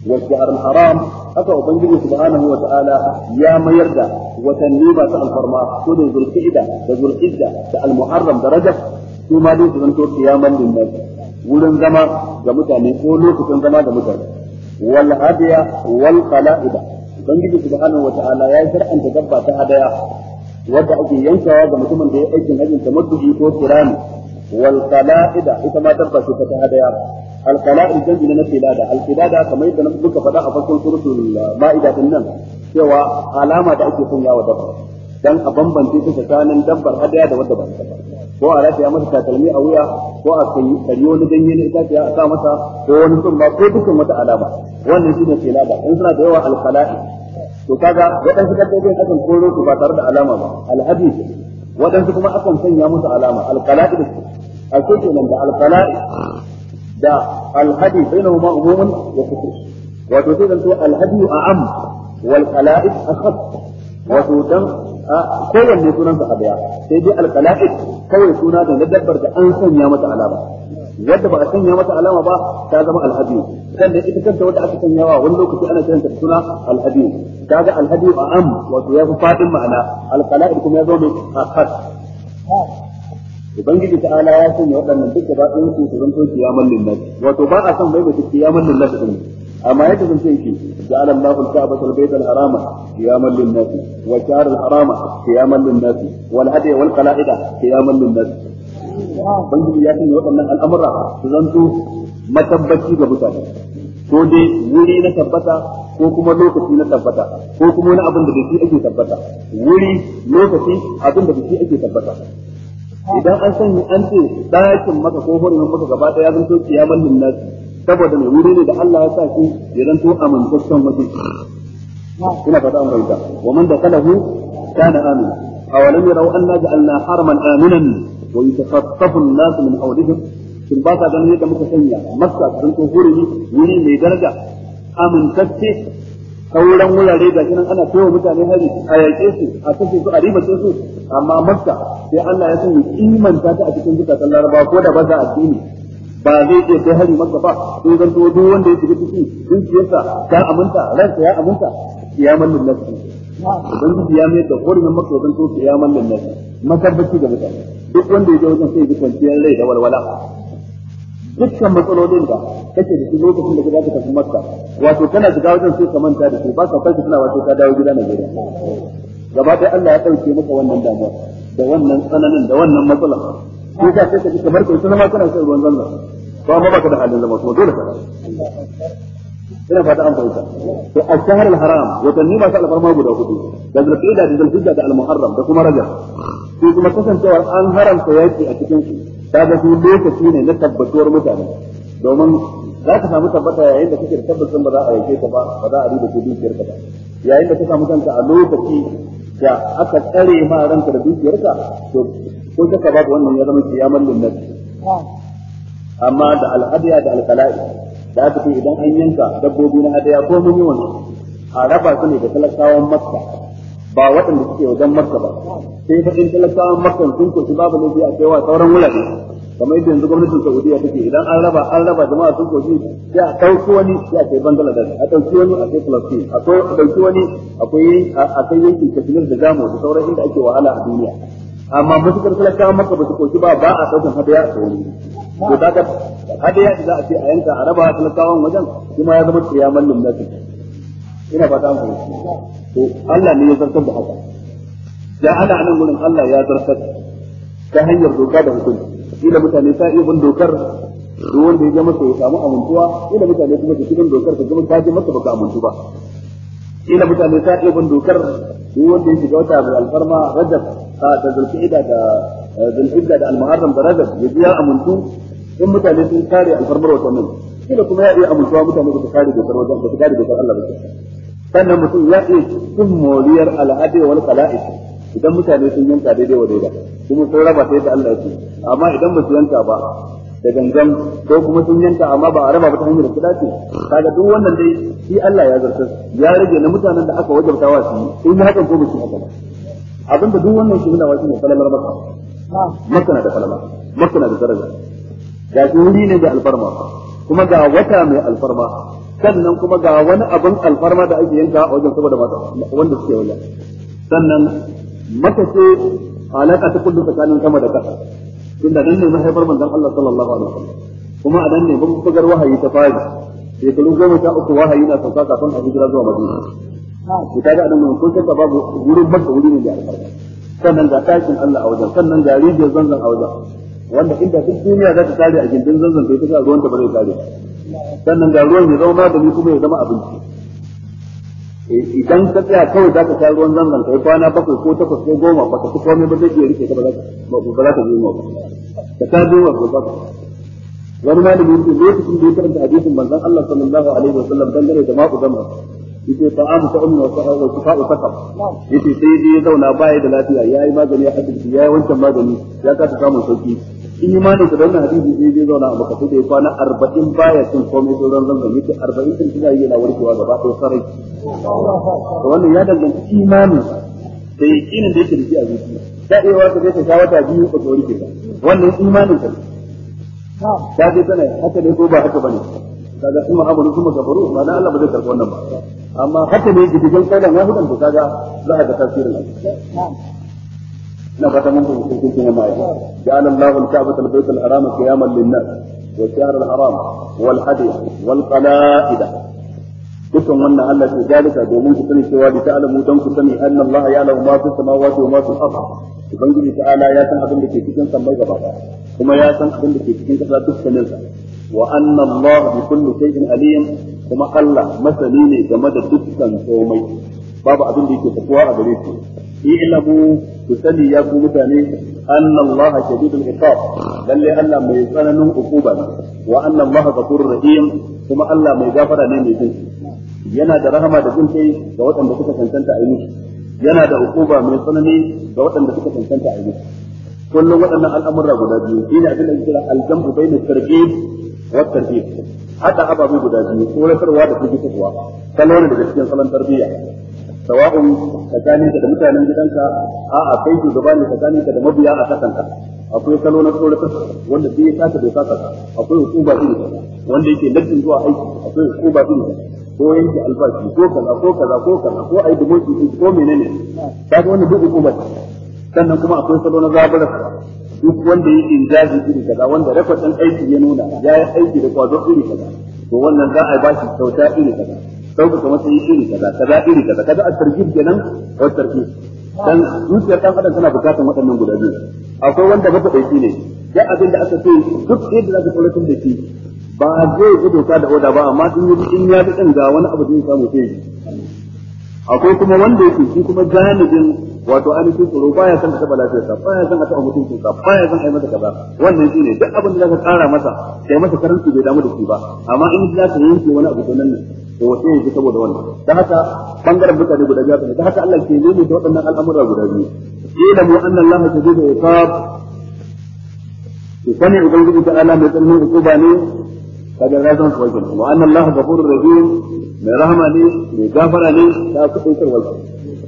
wa al-haram haka ubangiji subhanahu wa ta'ala ya mayar da watanni ba ta alfarma ko da zulqa'da da da al-muharram da rajab su wurin zama ga mutane ko lokacin zama ga mutane wal hadiya wal qala'ida ubangiji subhanahu wataala ya shar'anta dabba ta hadaya wadda ake yankawa ga mutumin da ya aikin hajjin tamattu'i ko kirani wal qala'ida ita ma dabba ce ta hadaya al qala'id jam'i na filada al qilada kamar yadda muka faɗa a farkon suratul ma'ida din nan cewa alama da ake son wa dabba dan a bambance ta tsakanin dabbar hadaya da wadda ba ta ko a rafiya masa takalmi a wuya ko a kariyo na ganye na itaciya a sa masa ko wani ba ko dukkan wata alama wannan shine filada in suna da yawa al qala'id to kaga waɗansu dabbobin akan koro su ba tare da alama ba alhadi waɗansu kuma akan sanya musu alama alqala'i da a ce nan da alqala'i da alhadi bainahuma umuman wa kufr wato sai zanto alhadi a'am wal qala'i akhas wato dan kowanne sunan sa a daya sai dai alqala'i kawai suna da dabbar da an sanya mata alama wadda ba a sanya mata alama ba ta zama alhadiyu sannan ita kanta wadda aka sanya wa wani lokaci ana kiranta da suna alhadiyu kaga alhadiyu a am wato ya fi fadin ma'ana alqala'id kuma ya zo mai akhas ubangiji ta ala ya sanya waɗannan duk gaba ɗayan su su zanto mallin lillahi wato ba a son bai ya mallin lillahi din amma yadda zan ce shi ja'ala Allahu al-Ka'bata al-Bayta al-Harama qiyaman lin-nas wa shahra al-Harama qiyaman lin-nas wal hadiya wal qala'ida qiyaman lin-nas ubangiji ya sanya waɗannan al'amura su zanto matabbaci ga mutane ko dai wuri na tabbata ko kuma lokaci na tabbata ko kuma wani abin da da shi ake tabbata wuri lokaci abin da da shi ake tabbata idan an sanya an ce ɗakin maka ko horin maka gaba ɗaya zan to kiyamar linnasi saboda mai wuri ne da Allah ya sa shi ya zanto amintaccen waje ina fata an rauta wa man da kalahu kana amin awalam yarau anna ja'alna haraman aminan wa yatakaffafu an-nasu min hawlihim kin ba ka ganin yadda muka sanya makka sun to ni wuri mai daraja amintacce sauran wurare ga nan ana kaiwa mutane hari a yaƙe su a kashe su a ribace su amma makka sai Allah ya sanya imanta ta a cikin zukatan laraba ko da ba za a addini ba zai iya hari maka ba sai zan to wanda ya shiga ciki dukiyarsa ta aminta ranka ya aminta ya ubangiji ya mai da hurumin maka wajen tosu ya mallin nasi masarbaci da mutane duk wanda ya je wajen sai ji kwanciyar rai da walwala dukkan matsalolin da kake da su lokacin da ka zaka tafi makka wato kana shiga wajen sai ka manta da su ba ka farka tana wato ka dawo gida gida gaba ɗaya Allah ya ɗauke maka wannan damuwa da wannan tsananin da wannan matsala. ko ka sai ka ji kamar kai sun ma kana shan ruwan zanzan ba ma baka da halin zama kuma dole ka ina fata an fahimta to a shahar al-haram watanni masu alfarma guda hudu da zulqa'ida da zulhijja da al-muharram da kuma rajab sai kuma kasancewar an haramta yaki a cikin su ga su lokaci ne na tabbatuwar mutane domin za ka samu tabbata yayin da kake da tabbacin ba za a yake ka ba ba za a riba ko dukiyar ka ba yayin da ka samu kanka a lokaci da aka tsare ma ranka da dukiyar ka to ko ka ba wannan ya zama kiyamar lillahi amma da al'adiya da al-qala'i da aka ce idan an yanka dabbobi na hadaya ko mun yi wani a raba su ne da talakawan makka ba waɗanda suke wajen makka ba sai fa in talakawan makka sun shi babu ne a cewa sauran wurare kamar yadda yanzu gwamnatin saudiya take idan an raba an raba jama'a sun shi sai a dauki wani sai a kai bangladesh a dauki wani a kai palestine a dauki wani akwai a kai yankin kashmir da gamo da sauran inda ake wahala a duniya amma matukar talakawan makka ba su shi ba ba a saukan hadaya a sauran to kaga hadiya da za a ce a yanka a raba talakawan wajen kuma ya zama kiyaman lullafi ina fata an fahimci to Allah ne ya zartar da haka da ana nan gurin Allah ya zartar ta hanyar doka da hukunci kila mutane ta iya bin dokar ruwan wanda ya masa ya samu amintuwa kila mutane kuma su cikin dokar ta kuma ta ji masa baka amintu ba kila mutane ta iya bin dokar ruwan wanda ya shiga wata alfarma rajab da zulqa'ida da eh, zulhijja da al-muharram da rajab ya biya amintu in mutane sun kare wata watannin kila kuma ya iya amincewa mutane da su kare dokar wajen da su kare dokar Allah ba sannan mutum ya iya cikin moriyar al'adai wani kala'i idan mutane sun yanka daidai wa daidai kuma sun raba ta yadda Allah ya amma idan ba su yanka ba da gangan ko kuma sun yanka amma ba a raba ba ta hanyar kuɗa ce kaga duk wannan dai shi Allah ya zartar ya rage na mutanen da aka wajabta wa su in haka ko ba su haka ba abinda duk wannan shi nuna wa shi ne falalar maka maka na da falala maka na da daraja ga wuri ne da alfarma kuma ga wata mai alfarma sannan kuma ga wani abin alfarma da ake yanka a wajen saboda mata wanda suke wajen sannan maka ce alaka ta kullu tsakanin sama da kasa tunda nan ne mahaifar manzon Allah sallallahu alaihi wasallam kuma a nan ne ban bugar wahayi ta fari shekaru goma sha uku wahayi na sauka kafin a hijira zuwa madina ku ta ga nan mun kun saka babu wurin bakka wuri ne da alfarma sannan ga tashin Allah a wajen sannan ga rijiyar zanzan a wajen wanda inda duk duniya za ta tare a gindin zanzan sai ta ruwan ta bare tare sannan ga ruwan ya zama ni kuma ya zama abinci eh, idan ka tsaya kawai za ka sha ruwan zanzan kai kwana bakwai ko takwas ko goma ba ka fi komai ba zai iya rike ka ba za ka zuma ba ka sha zuma ba ba wani malami yake lokacin da ya hadisin manzon Allah sallallahu alaihi wasallam dangane da ma'u zama yake ta'amu ta ummu wa shifa'u takam yake sai dai ya zauna baya da lafiya yayi magani a asibiti yayi wancan magani ya ta samun sauki imanin ku da wannan hadisi zai zai zauna a maka da ya kwana arba'in baya cin komai sauran zanzan yake arba'in din kina yana warkewa gaba ɗaya sarai to wannan ya danganci imanin da ya kinin da yake da shi a zuci da iya wata da ta wata biyu ko ta warke ba wannan imanin ka ta zai tana haka ne ko ba haka ba ne. kaga kuma amuru kuma gabaru ba na Allah ba zai karɓi wannan ba amma haka ne gidigan kaulan ya hudan to kaga za ka ga tasirin ina fata mun fahimci cikin cikin mai ja'ala Allahu al-Ka'bata al-Bayt al-Haram qiyaman lin-nas wa shahr wal hadi wal qala'id dukkan wannan Allah ke dalika domin ku sani cewa da ta'alamu dan ku sani anna Allah ya'lamu ma fi samawati wa ta'ala ya san abin da ke cikin mai gaba kuma ya san abin da ke cikin kasa dukkanin sa wa anna Allah bi kulli shay'in alim kuma Allah masani ne game da dukkan komai babu abin da yake tafiya a gare shi ilamu ku ya ku mutane anna Allah shadidul iqab lalle Allah mai tsananin ukuba ne wa anna Allah ghafurur rahim kuma Allah mai gafara ne mai jin yana da rahama da jin ga waɗanda suka cancanta a yi yana da ukuba mai tsanani ga waɗanda suka cancanta a yi kullum waɗannan al'amura guda biyu ina abin da ake kira aljamu bainat targhib wa tarhib hada ababe guda biyu tsoratarwa da firgitarwa kalolin daga cikin salon tarbiyya sawa'un ka da mutanen gidanka a'a kai gaba ne ka da mabiya a kasanka akwai salo na tsoratar wanda zai saka bai saka akwai hukuma iri wanda yake lattin zuwa aiki akwai hukuma iri ko yanke albashi ko kaza ko kaza ko kaza ko ai da motsi ko menene ta ga wannan duk hukuma sannan kuma akwai salo na zabarar duk wanda ya yi injazi iri kaza wanda rakwatin aiki ya nuna ya yi aiki da kwazo iri kaza to wannan za a bashi kyauta iri kaza ɗaukaka matsayi iri kaza kaza iri kaza kaza a tarjib kenan wa tarjib dan zuciyar dan adam tana bukatan waɗannan guda biyu akwai wanda baka dauki ne ya abin da aka ce duk yadda zaka tsoratar da shi ba zai ji doka da oda ba amma in yi in ya din ga wani abu zai samu sai yi akwai kuma wanda yake shi kuma jami'in wato yi tsoro baya san ka taɓa lafiyarsa baya san ka taɓa mutuncinsa baya san a yi masa kaza wannan shine duk abin da zaka tsara masa sai masa karanci bai damu da shi ba amma in za ka yanke wani abu to nan ne to sai ya ji saboda wannan da haka bangaren mutane guda biyu da haka Allah ke nemi da waɗannan al'amura guda biyu ila mu anna Allah shadidu iqab ki sani ubangiji ta ala mai tsanin hukuma ne kaga razan su wajen wa anna Allah ghafurur rahim mai rahama ne mai gafara ne ta kuɗin sarwaje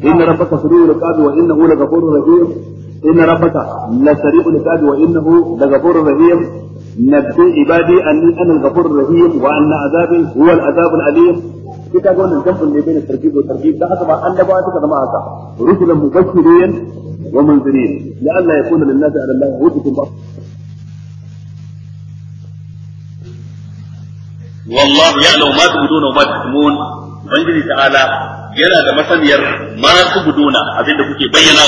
inna rabbaka sadidu iqab wa innahu laghafurur rahim inna rabbaka la sari'ul iqab wa innahu laghafurur rahim نبي عبادي أني أنا الغفور الرحيم وأن عذابي هو العذاب الأليم كتاب من جنب اللي بين التركيب والترتيب ده أصبح أن بعثك كما أصبح رسلا مبشرين ومنذرين لئلا يكون للناس على الله وجهة بصر والله يعلم ما تبدون وما تكتمون بنجري تعالى يلا لما سمير ما تبدون أبين دفوكي بينا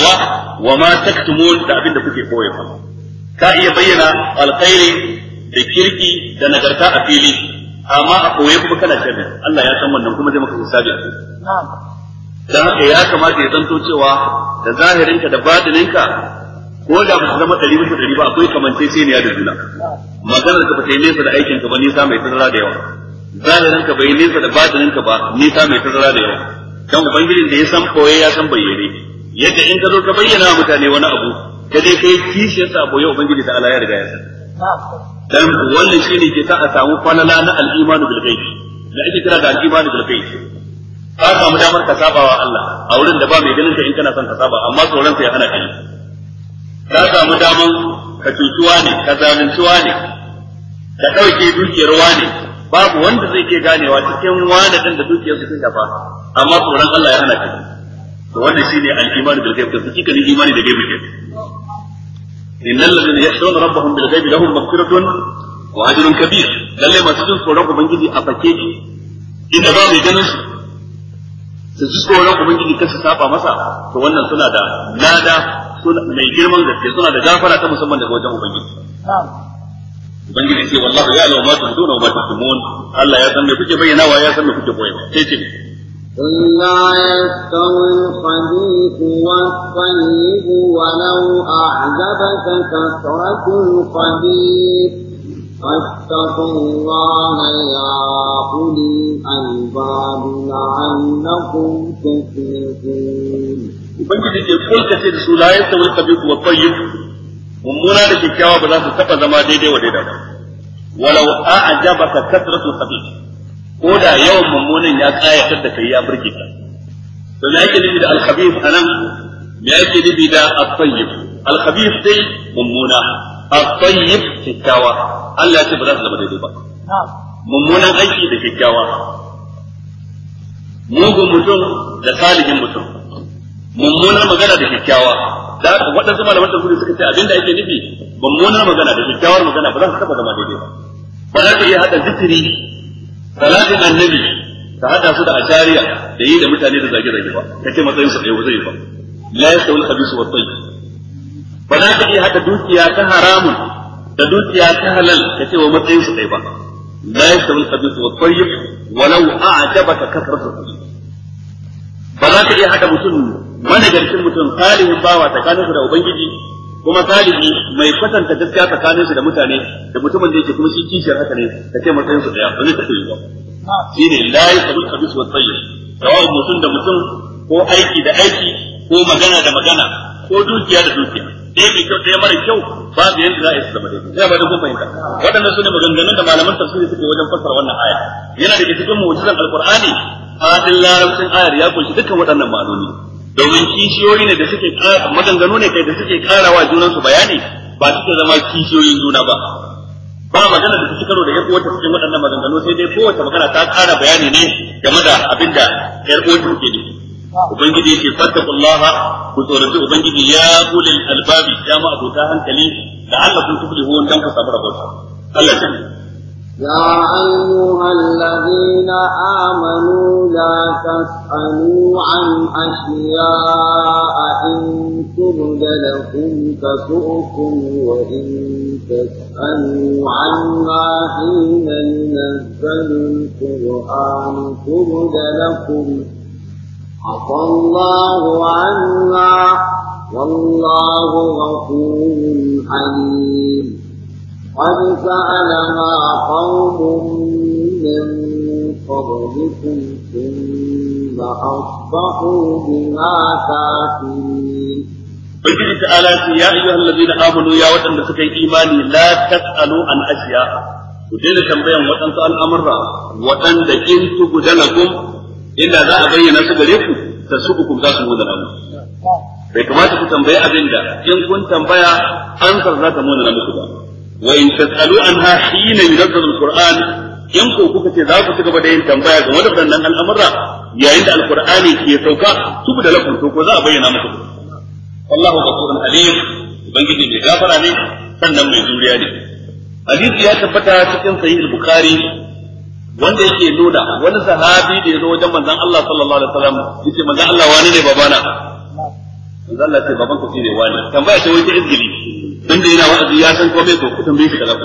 وما تكتمون أبين دفوكي قوية إيه ka يبين bayyana da kirki da nagarta a fili amma a koye kuma kana sharri Allah ya san wannan kuma zai maka hisabi a dan haka ya kamata ya zanto cewa da zahirinka da batininka ko da ba su zama ɗari bisa ɗari ba akwai kamance ya da juna maganar ka ba ta yi nesa da aikinka ba nisa mai tazara da yawa Zahirinka bai bai nesa da batininka ba nisa mai tazara da yawa dan ubangijin da ya san koye ya san bayyane yadda in ka zo ka bayyana mutane wani abu ka dai kai kishin sa boye ubangiji ta Allah ya riga ya san dan wannan shine ke sa a samu falala na al-imanu bil ghaibi da ake kira da al-imanu bil ghaib ka samu damar ka saba wa Allah a wurin da ba mai ganin ka in kana son ka saba amma tsoron sa ya hana kai ka samu damar ka tutuwa ne ka zaluntuwa ne ka dauke dukiyar wani babu wanda zai ke ganewa cikin wani din da dukiyar su sun shafa amma tsoron Allah ya hana kai to wannan shine al-imanu bil ghaib da kika ni imani da gaibi kenan innal ladina yakhshawna rabbahum bil ghaibi lahum maghfiratun wa ajrun kabir lalle masu jin tsoron ubangiji a fake ki inda ba mai ganin su su ji tsoron ubangiji kasu saba masa to wannan suna da lada mai girman gaske suna da gafara ta musamman daga wajen ubangiji ubangiji ce wallahu ya'lamu ma tubduna wa ma tuktumun Allah ya san me bayyana wa ya san me ce قل لا يستوي الخبيث والطيب ولو أعجبك كثرة الخبيث فاتقوا الله يا أولي الألباب لعلكم تفلحون Ubangiji ce kun ka ce da su la ta wani kabi kuwa tsayyib mummuna da kyakkyawa ba za su taɓa zama daidai wa daidai ba walau ko da yawan mummunan ya kayatar da kai ya burge ka to me ake nufi da al-khabith anan me ake nufi da at-tayyib al-khabith dai mummuna at-tayyib kikkawa Allah ya ce ba za su zama daidai ba mummunan aiki da kikkiawa mugun mutum da salihin mutum mummunar magana da kikkiawa da aka waɗansu malaman tafsiri suka ce abinda ake nufi mummunar magana da kyakkyawar magana ba za su taɓa zama daidai ba ba za ka iya haɗa zikiri salatin annabi ka hada su da ashariya da yi da mutane da zage zage ba kace matsayin su ɗaya zai ba la yasawul khabisu wat tayyib ba za ka iya hada dukiya ta haramun da dukiya ta halal kace wa matsayin su ɗaya ba la yasawul khabisu wat tayyib walau a'jabaka kasratu ba za ka iya hada mutum managarcin mutum salihin bawa tsakaninsa da ubangiji kuma galibi mai kwatanta gaskiya tsakanin su da mutane da mutumin da yake kuma shi kishiyar haka ne ta ce matsayin su daya ba zai tafi ba shi ne la yasabul khabith wa tayyib dawa mutum da mutum ko aiki da aiki ko magana da magana ko dukiya da dukiya ɗaya mai kyau ɗaya mara kyau babu yadda za a yi su zama daidai ina ba da kun fahimta waɗannan su ne maganganun da malaman tafsiri suke wajen fassara wannan aya yana daga cikin mu'jizan alqur'ani fadin larabcin ayar ya kunshi dukkan waɗannan ma'anoni domin kishiyoyi ne da suke maganganu ne kai da suke karawa junansu bayani ba suke zama kishiyoyin juna ba ba magana da suke karo da yar uwarta cikin waɗannan maganganu sai dai kowace magana ta kara bayani ne game da abin da yar uwarta ke da ubangiji yake fattakullaha ku tsoraci ubangiji ya ulil albabi ya ma abota hankali da Allah kun tuflihu dan ku samu rabota Allah ya يا أيها الذين آمنوا لا تسألوا عن أشياء إن ترد لكم تسؤكم وإن تسألوا عنها حين ينزل القرآن ترد لكم عفى الله عنها والله غفور حليم قد سألها قوم من قبلكم ثم أصبحوا بما كافرين Ubangiji ta'ala ce ya ayyuha allazina amanu ya waɗanda suka yi imani la tasalu an ashiya ku daina tambayan waɗansu al'amurra waɗanda in su gudana gum inda za bayyana su gare ku ta su za su gudana bai kamata ku tambayi abinda in kun tambaya ansar za ta mona muku ba wa in tasalu anha hina yunzal alquran in ko kuka ce za ku ci gaba da yin tambaya game da wannan al'amura yayin da alqur'ani ke sauka tubu da lakum ko za a bayyana muku wallahu ghafurun alim ubangiji mai gafara ne sannan juriya ne ya tabbata cikin sahih bukhari wanda yake nuna wani sahabi da ya zo wajen manzon Allah sallallahu alaihi wasallam yace manzon Allah wani ne babana manzon Allah ce baban ku ne wani tambaya ce wani izgili dan da yana wa'azi ya san komai to ku bai shi kaza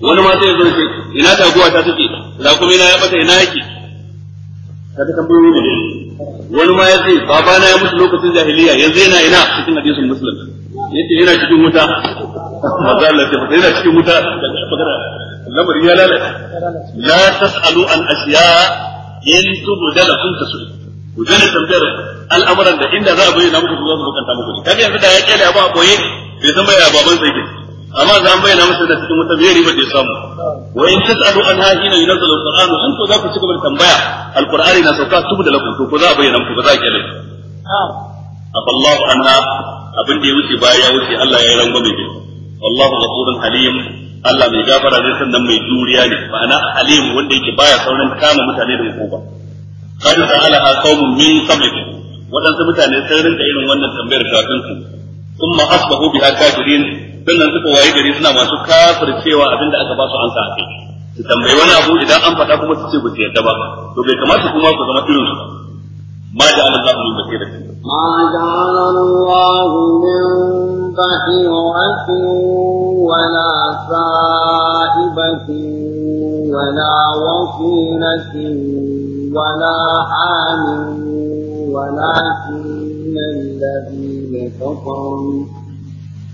wani ma sai ya zo ce ina guwa ta take kuma na ya bata ina yake ta tambayoyi ne wani ma ya ce baba na ya mutu lokacin jahiliya yanzu yana ina cikin hadisin muslim yace yana cikin wuta mazalla ce ba yana cikin wuta lamarin ya lalace la tasalu an asiya in da kun tasul ku gane tambayar al'amuran da inda za a bayyana muku zuwa su bukanta muku kaga yanzu da ya kele abu a boye bai san mai baban zai amma za an bayyana masa da cikin wata zai riba da ya samu wa in tasalu an ha yunzalu alquran an to za ku cika da tambaya alqur'ani na sauka tubu da lakum to ko za a bayyana muku ba za a kyale afallahu anna abin da ya wuce baya ya wuce Allah ya yi rangwame ne wallahu ghafurun halim Allah mai gafara ne sannan mai juriya ne ma'ana halim wanda yake baya sauran kama mutane da hukuma kada al'a ha qaumun min qablikum wadansu mutane sai rinka irin wannan tambayar kafin ku thumma asbahu biha kafirin sannan suka waye gari suna masu cewa abinda aka ba su an sa akai su tambayi wani abu idan an faɗa kuma su ce ba su yarda ba to bai kamata kuma ku zama irin su ba. ma ja'ala Allahu da basiratin ma ja'ala Allahu min بحيرة ولا سائبة ولا wala ولا حام ولكن الذين كفروا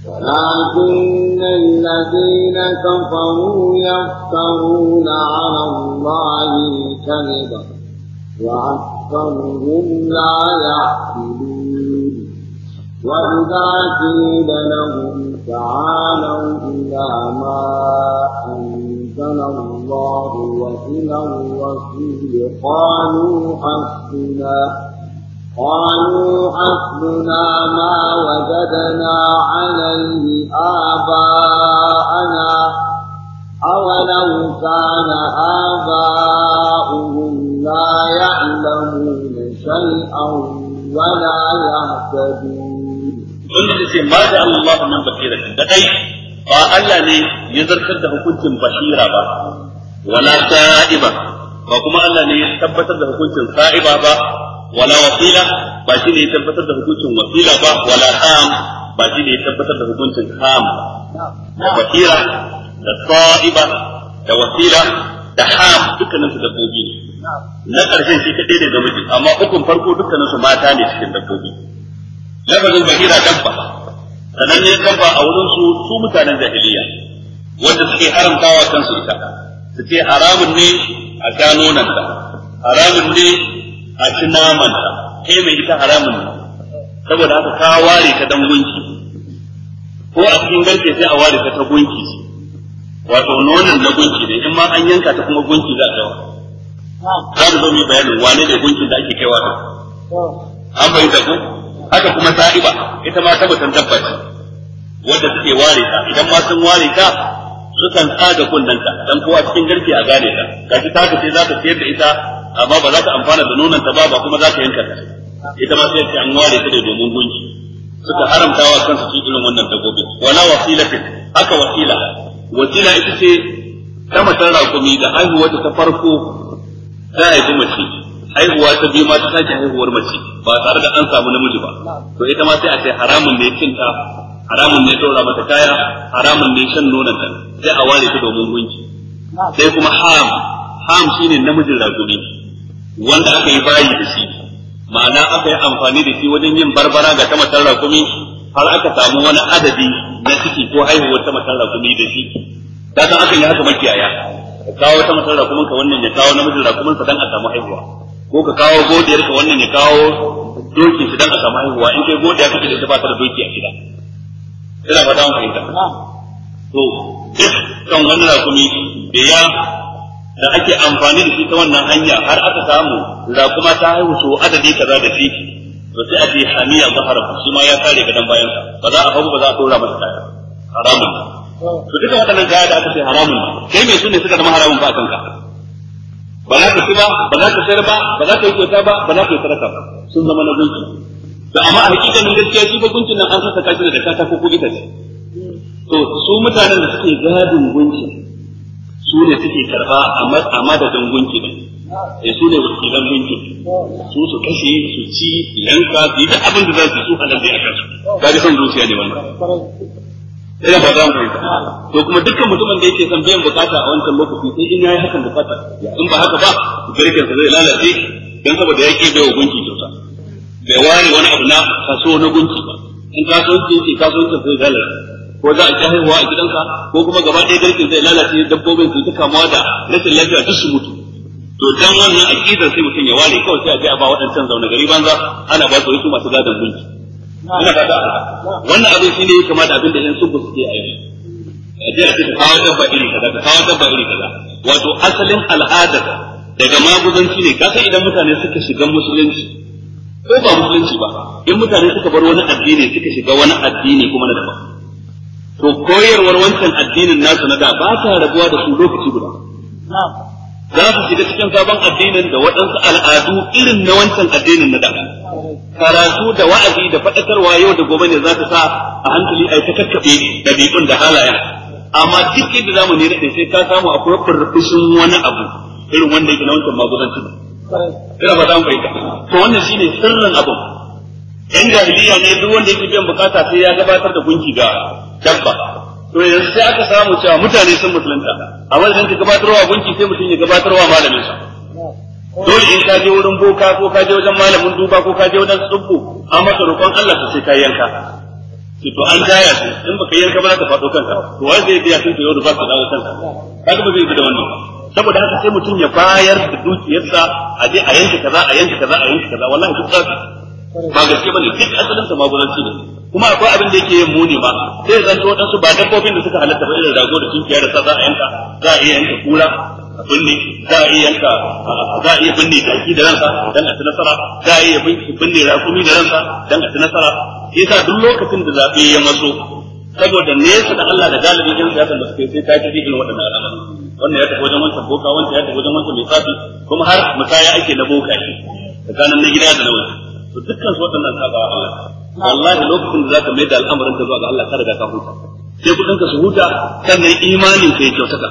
ولكن الذين كفروا يفترون على الله الكذب وأكثرهم لا يعقلون وإذا قيل لهم تعالوا إلى ما أنزل الله وإلى الرسول قالوا حسنا قالوا حسبنا ما وجدنا عليه آباءنا أولو كان آباؤهم لا يعلمون شيئا ولا يهتدون. قلت ما جعل الله من بصيرة دقيق ba Allah ne ya zartar da hukuncin basira ba wala sa'iba ba kuma Allah ne ya tabbatar da hukuncin sa'iba ba wala wasila ba shi ne ya tabbatar da hukuncin wasila ba wala ham ba shi ne ya tabbatar da hukuncin ham da wasila da sa'iba da wasila da ham dukkanin su dabbobi ne na ƙarshen shi kaɗai ne namiji amma ukun farko dukkanin su mata ne cikin dabbobi lafazin bahira dabba sananne dabba a wurin su su mutanen jahiliya wanda suke haramtawa kansu ita su ce haramun ne a gano nan da haramun ne a ci naman kai mai ita haramun ne saboda haka ka ware ta dan gunki ko a cikin garke sai a ware ta ta gunki wato nonon na gunki ne in ma an yanka ta kuma gunki za ta za mu zo mu bayanin wane ne gunkin da ake kaiwa ta an bai ta ku haka kuma sa'iba ita ma tabbatan dabba ce wanda suke ware ta idan ma sun ware ta sukan tsaga kunnanta dan kowa cikin garke a gane ta kaji ta ka ce za ta siyar da ita amma ba za ka amfana da nonon ta ba ba kuma za ka yanka ta ita ma sai ce an ware ta da domin gunki suka haramta wa kansu su irin wannan dabbobi wala wasilatin haka wasila wasila ita ce ta matar rakumi da haihuwa ta farko ta haifi mace haihuwa ta biyu ma ta sake haihuwar mace ba tare da an samu namiji ba to ita ma sai a ce haramun ne cinta haramun ne dora mata kaya haramun ne shan nonon ta sai a ware ta domin gunki sai kuma haram haram shine namijin rakumi wanda aka yi bayi da shi ma'ana aka yi amfani da shi wajen yin barbara ga ta matar rakumi har aka samu wani adadi na ciki ko haihuwar ta matar rakumi da shi da san aka yi haka makiyaya ka kawo ta matar rakumin ka wannan ya kawo namijin rakumin sa dan a samu haihuwa ko ka kawo godiyar ka wannan ya kawo dokin shi dan a samu haihuwa in kai godiya kake da ita ba ta da doki a gida ina fata mun fahimta to duk kan wannan rakumi da ya da ake amfani da shi ta wannan hanya har aka samu kuma ta haihu su adadi kaza da shi to sai a ce hamiya zahara shi ma ya kare gadan bayan ba za a hau ba za a tura masa kaya haramun to duka wannan kaya da aka ce haramun kai mai sune suka zama haramun ba kanka ba za ka ci ba ba za ka sayar ba ba za ka yi kyauta ba ba za ka yi sadaka ba sun zama na gunki to amma a hakikanin gaskiya shi ba gunkin nan an saka kashi da kata ko kuɗi ta ce to su mutanen da suke gadin gunkin su ne suke karba a madadin gunki eh, ne e su ne wakilan gunki su su kashe su ci yanka su yi da abin da za su su halal da aka su da son zuciya ne wannan ina ba za mu yi to kuma dukkan mutumin da yake san biyan bukata a wancan lokaci sai in yayi hakan bukata in ba haka ba garken sa zai lalace dan saboda ya ke bai gunki kyauta bai ware wani abu na kaso na gunki ba in kaso yake kaso yake sai lalace ko za a ci haihuwa a gidanka ko kuma gaba ɗaya garkin zai lalace dabbobin su ta kamuwa da rashin lafiya duk su mutu to dan wannan aqidar sai mutun ya ware kawai sai a je a ba waɗancan zaune gari banza ana ba su wasu masu gadon mulki ina da wannan abin shine ya da abin da yan suku suke aiki a je a ce kawo dabba iri kaza ka kawo dabba iri kaza wato asalin al'ada daga maguzanci ne kasan idan mutane suka shiga musulunci ko ba musulunci ba in mutane suka bar wani addini suka shiga wani addini kuma na daban to koyarwar wancan addinin nasu na da ba ta rabuwa da su lokaci guda za su shiga cikin sabon addinin da waɗansu al'adu irin na wancan addinin na da karatu da wa'azi da faɗakarwa yau da gobe ne za ta sa a hankali a yi ta kakkaɓe ɗabi'un da halayen amma cikin da zamani ne sai ka samu akwai furfushin wani abu irin wanda yake na wancan magudanci ina ba za mu fahimta to wannan shine sirrin abin yan jahiliya ne duk wanda yake biyan bukata sai ya gabatar da gunki ga dabba to yanzu sai aka samu cewa mutane sun musulunta amma idan ka gabatarwa gunki sai mutum ya gabatarwa malamin sa dole in ka je wurin boka ko ka je wajen malamin duba ko ka je wajen tsubbu maka roƙon Allah ka sai ka yanka to an su in baka yanka ba ka faɗo kanka to wai zai biya yau da ba ka dawo kanka kaga ba zai bi da wannan saboda haka sai mutum ya bayar da dukiyarsa a je a yanka kaza a yanka kaza a yanka kaza wallahi duk ba gaske bane duk asalin sa ne kuma akwai abin da yake yin muni ma sai zan to su ba dabbobin da suka halatta ba irin rago da tunkiya da za a yanka za a iya yanka kura a binne za a iya yanka za a iya binne kaki da ransa dan a ci nasara za a iya binne rakumi da ransa dan a ci nasara yasa duk lokacin da zabe ya maso saboda nesa da Allah da galibin yan siyasan da suke sai ta tafi irin waɗannan al'amari wannan ya tafi wajen wancan boka wancan ya tafi wajen wancan mai tsafi kuma har mutaya ake na boka shi tsakanin na gida da na waje to dukkan su waɗannan sabawa Allah wallahi lokacin da zaka mai da al'amarin ka zuwa ga Allah ka riga ka huta sai kudin ka su huta sannan imanin ka ya kyautata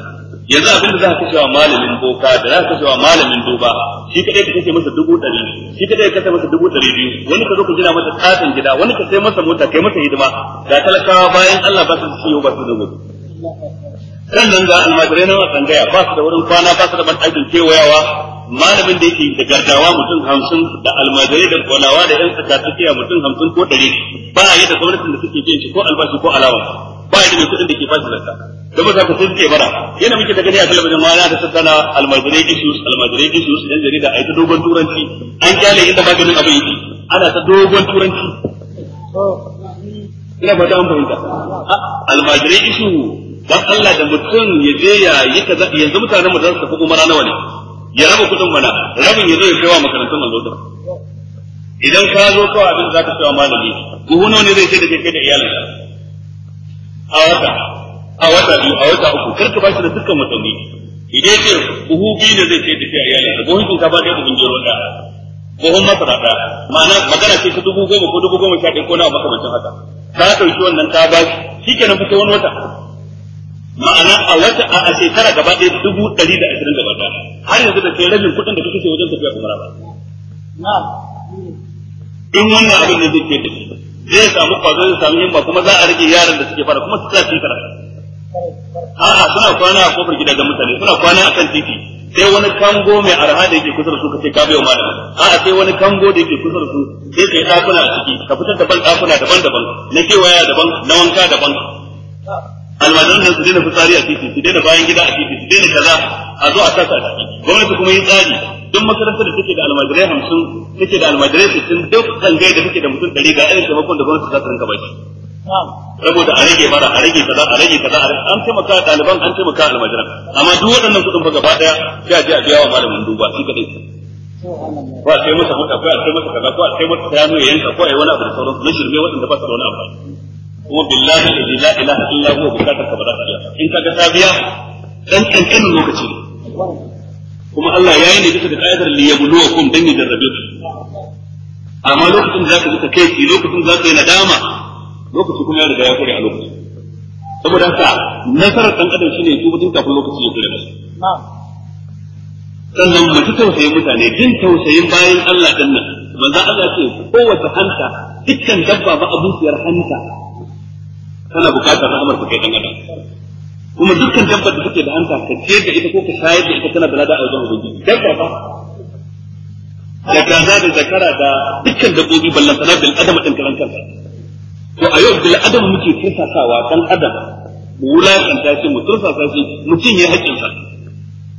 yanzu abin da zaka kashe wa malamin boka da zaka kashe wa malamin duba shi kadai ka kashe masa dubu ɗari shi kadai ka kashe masa dubu ɗari biyu wani ka zo ka gina masa katin gida wani ka sai masa mota kai masa hidima ga talakawa bayan Allah ba su ciwo ba su da gobe sannan ga almajirai na tsangaya ba su da wurin kwana ba su da ban aikin kewayawa malamin da yake da gardawa mutum hamsin da almajirai da kwalawa da yan sakatakiya mutum hamsin ko ɗari ba yi da gwamnatin da suke biyan shi ko albashi ko alawa ba ya da mai kuɗin da ke fashi zarta don mutum ka sun bara yana muke da gani a talabijin ma yana da sassana almajirai issues almajirai issues yan jarida a yi ta dogon turanci an kyale inda maganin abin yake ana ta dogon turanci ina fata an fahimta almajirai issues dan Allah da mutum ya je ya yi kaza yanzu mutanen mu za su tafi umara nawa wani. ya raba kudin mana rabin ya zo ya kaiwa makarantun allo da idan ka zo kawai abin za ka kaiwa malami buhu nawa ne zai ce da kai da iyalinka a wata a wata biyu a wata uku karka ba shi da dukkan mutane idan ce buhu biyu ne zai ce da kai a ka buhun shinkafa ɗaya buhun gero ɗaya buhun masara da ma'ana magana ce ka dubu goma ko dubu goma sha ɗaya ko na makamancin haka ka ɗauki wannan ta ba shi shikenan fa sai wani wata ma'ana a wata a shekara gaba ɗaya dubu ɗari da ashirin gaba ɗaya har yanzu da kai rabin kuɗin da kake ce wajen tafiya kuma ba in wannan abin ne zai ke da shi zai samu kwazo zai samu himma kuma za a rage yaran da suke fara kuma su tsaya karatu a'a suna kwana a kofar gida ga mutane suna kwana a kan titi sai wani kango mai arha da yake kusa da su kace ka bai malam a'a sai wani kango da yake kusa da su sai kai ɗakuna a ciki ka fitar da ban dakuna daban-daban na kewaya daban na wanka daban almajiran nan su daina fitsari a titi su daina bayan gida a titi su daina kaza a zo a sasa a gwamnati kuma yi tsari duk makarantar da take da almajirai hamsin take da almajirai sittin duk zangai da take da mutum ɗari ga irin taimakon da gwamnati za ta rinka baki saboda a rage bara a rage kaza a rage kaza an taimaka ɗaliban an taimaka almajiran amma duk waɗannan kuɗin ba gaba ɗaya sai a je a biya wa malamin duba shi kaɗai ko a sai masa ko a sai masa kaza ko a sai masa ya yanka ko a yi wani abu da sauransu na shirme waɗanda ba su da wani amfani kuma billahi alladhi la ilaha illa huwa bukatar ka ba za ta in kaga ta biya dan lokaci kuma Allah ya yi ne bisa da ka'idar li yabluwakum dan ya jarrabe ku amma lokacin za ka ji kai ki lokacin za ka yi nadama lokacin kuma ya riga ya kure a lokacin saboda haka nasarar dan adam shine su mutum kafin lokaci ya kure masa sannan mu ji tausayin mutane jin tausayin bayan Allah din nan manzo Allah ce kowace hanta dukkan dabba ba abuciyar hanta tana bukatar rahamar ku kai dan adam kuma dukkan dabbar da take da anta ka ce da ita ko ka shayar da ita tana da lada a wajen dabba ba da kaza da zakara da dukkan dabbobi ballantana bil adam din karan kansa to a yau bil adam muke tsasakawa kan adam mu wulakanta shi mu tursasa shi mu cinye sa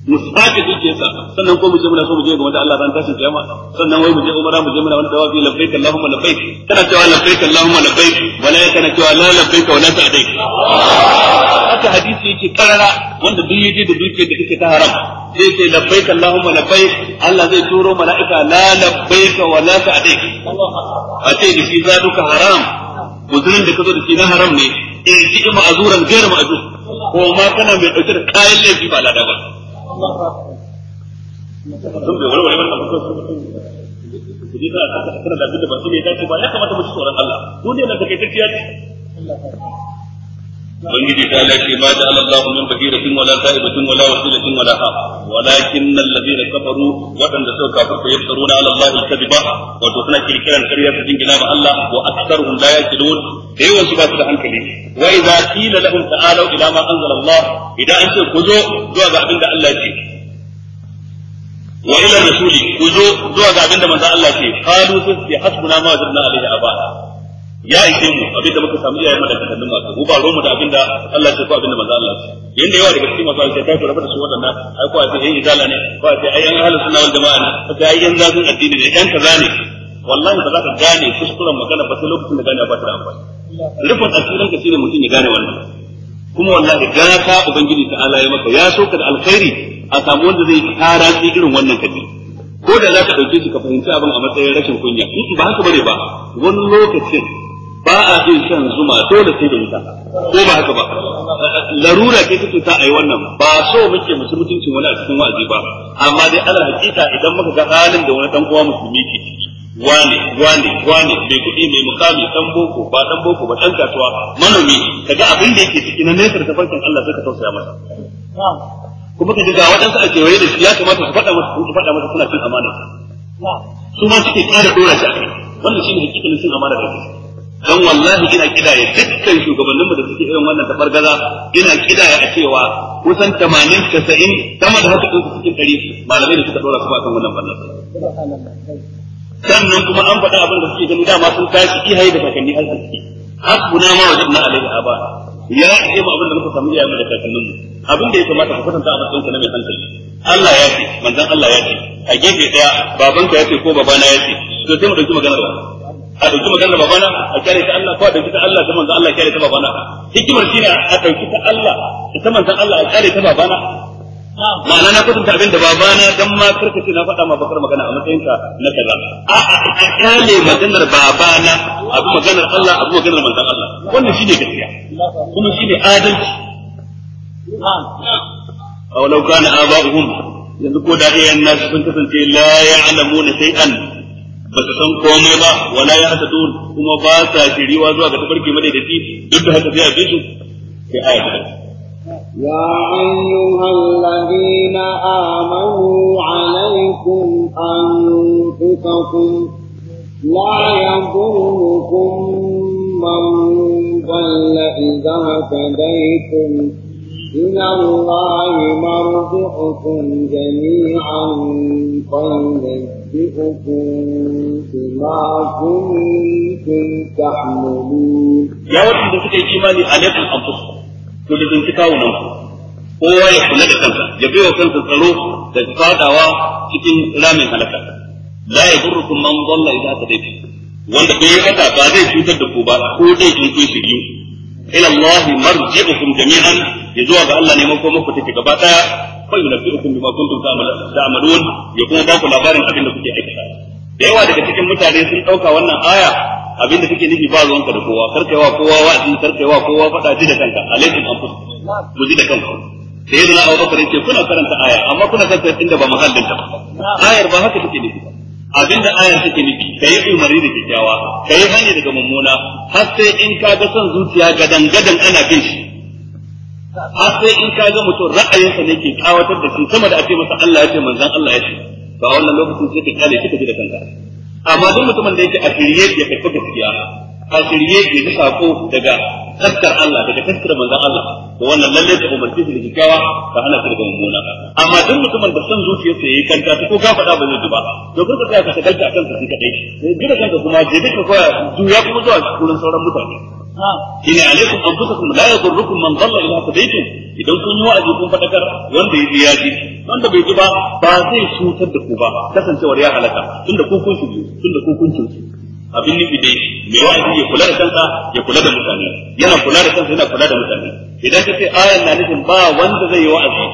mu sake dukiyarsa sannan ko mu je muna so mu je ga wanda Allah ran tashin kiyama sannan wai mu je umara mu je muna wanda dawafi labbaik allahumma labbaik kana cewa labbaik allahumma labbaik wala ya kana cewa la labbaik wala sa'daik haka hadisi yake karara wanda duk yaje da dukiyar da take ta haram sai ce labbaik allahumma labbaik Allah zai turo mala'ika la labbaik wala sa'daik a ce da shi duka haram guzurin da kazo da shi na haram ne in ji ma'azuran gairu ma'azur ko ma kana mai dauke da kayan laifi ba lada ba sun bai walwale wannan abu su ji tana da abin da ba shi ne ya kamata mu ci tsoron Allah duniya nan take ce ubangiji ta lafi ma da Allahu min bahiratin wala sa'ibatin wala wasilatin wala ha walakin allazina kafaru wadanda suka kafirta yaftaruna ala Allah al-kadhiba wato suna kirkiran ƙarya ta jingina ma Allah wa aktsaruhum la yaqilun da yawan ba su da hankali wa idza qila lahum ta'alu ila ma anzala Allah idan an ce ku zo zuwa ga abinda Allah ya ce wa ila rasuli ku zo zuwa ga abin da manzo Allah ce qalu sai hasbuna ma wajadna alaihi abana ya ishe mu abin da muka samu iyayen mu da kakannin mu mu ba romu da abinda Allah ya ko abinda manzo Allah ya yanda yawa daga cikin masu sai kai rabu da su wannan ai ko a ce ai ne ko a ce ai an halu sunna wal jamaa ne ko ai yan zafin addini ne yan kaza ne wallahi ba za ka gane kuskuren magana ba sai lokacin da gane ba ta amfani rufin asirin ka shine mutum ya gane wannan kuma wallahi gata ubangiji ta Allah ya maka ya so ka da alkhairi a samu wanda zai tara shi irin wannan kaji ko da za ka dauke shi ka fahimci abin a matsayin rashin kunya in ba haka bane ba wani lokacin ba a jin shan zuma dole sai da ita ko ba haka ba larura ke take ta ai wannan ba so muke musu mutuncin wani a cikin wa'azi ba amma dai ala hakika idan muka ga halin da wani dan uwa musulmi ke wane wane wane mai kuɗi mai mukami dan boko ba dan boko ba dan kasuwa manomi kaga abin da yake ciki na nesa da farkon Allah sai ka tausaya masa kuma kaji ga waɗansu a kewaye da shi ya kamata su faɗa masa su faɗa masa suna cin amana su ma suke ƙara dora shi a kai wannan shine hakikalin cin amana da shi dan wallahi ina kidaya dukkan shugabannin mu da suke irin wannan tabar gaza ina kidaya a cewa kusan 80 90 sama da haka su cikin dari malamai da suka dora su akan wannan fannin sannan kuma an faɗa abin da suke gani dama sun tashi ihaye da kakanni arziki hasbuna ma wajadna alaihi aba ya yi ma abin da muka samu ya da kakanninmu abin da ya kamata ka kwatanta a matsayin na mai hankali Allah ya ce manzon Allah ya ce a gefe daya babanka ya ce ko babana ya ce to sai mu dauki maganar a dauki maganar babana a kyale ta Allah ko a dauki ta Allah ta manzon Allah kyale ta babana hikimar shine a dauki ta Allah ta manzon Allah a kyale ta babana ma'ana na kwatanta abin da babana dan ma karkace na faɗa ma bakar magana a matsayin ka na kaza a a kyale maganar babana abu maganar Allah abu maganar manzon Allah wannan shi ne gaskiya kuma shi ne adalci a walau kana aba'uhum yanzu ko da iyayen nasu sun kasance la ya'lamuna shay'an ba su san komai ba wala ya hata dun kuma ba sa shiriwa zuwa ga tafarki madaidaci duk da haka sai a bisu sai aya ta يا أيها الذين آمنوا عليكم أنفسكم لا يضركم من ضل إذا اهتديتم إلى الله مرجعكم جميعا فينجيكم أنبئكم بما كنتم تحملون يا وطن تسكي إيماني عليكم أنفسكم تلزم تكاونا kowa ya kula da kansa ya bai wa kansa tsaro da fadawa cikin ramin halaka la yadurrukum man dalla idza tadaytu wanda bai mata ba zai cutar da ku ba ko dai kun kuyi shi ila Allah marji'ukum jami'an ya zuwa ga Allah ne ko ku take gaba daya fa yunabbi'ukum bima kuntum ta'malun ya kuma ba ku labarin abin da kuke aikata da yawa daga cikin mutane sun dauka wannan aya abin da kuke nufi ba zuwanka da kowa karkaiwa kowa wa'azi karkaiwa kowa fada ji da kanka alaikum anfusukum ku ji da kanka sai yana Abu Bakar yace kuna karanta aya amma kuna karanta inda ba mahallin ta ayar ba haka take nufi abinda ayar take nufi kai umarni da kyakkyawa kai hanya daga mummuna har sai in ka ga son zuciya gadan gadan ana bin shi har sai in ka ga mutum ra'ayinsa ne ke kawatar da shi sama da ake masa Allah ya ce manzon Allah ya ce ba wannan lokacin sai ka kale kika ji da kanka amma duk mutumin da yake a shirye ya karɓi gaskiya a shirye ya ji sako daga taskar Allah daga taskar manzon Allah to wannan lalle ka umarci shi da kikkiawa ka hana shi daga mummuna amma duk mutumin da san zuciyarsa yayi kanta ta ko ka faɗa ba zai ji ba to kar ka tsaya ka shagalta akan sa shi kadai sai ji da kanka kuma je duka koya juya kuma zuwa cikin sauran mutane shine alaikum anfusakum la yadurrukum man dhalla ila hadaytum idan kun yi wa'azi kun fadakar wanda ya ji ya ji wanda bai ji ba ba zai cutar da ku ba kasancewar ya halaka tunda ku kun shigo tunda ku kun cutu abin nufi dai mai wa'azi ya kula da kansa ya kula da mutane yana kula da kansa yana kula da mutane idan ka ce ayan na nufin ba wanda zai yi wa'azi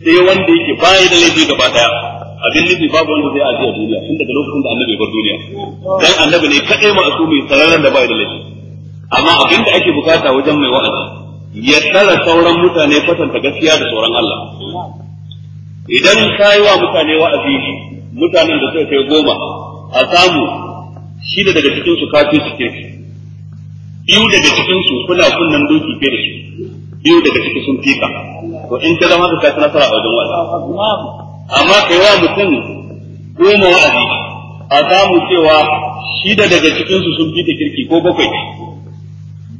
sai wanda yake bayi da laifi gaba daya abin nufi babu wanda zai aji a duniya tun daga lokacin da annabi ya bar duniya dan annabi ne kadai ma asumi sararan da bayi da laifi amma abin da ake bukata wajen mai wa'azi ya tsara sauran mutane kwatanta gaskiya da sauran Allah idan ka yi wa mutane wa'azi mutanen da suka kai goma a samu shida daga cikin su kafin su ke biyu daga cikin su kuna kunnan doki fiye da su biyu daga cikin sun fika to in ta zama ka ci nasara a wajen wa'azi amma kai wa mutum goma wa'azi a samu cewa shida daga cikin su sun fita kirki ko bakwai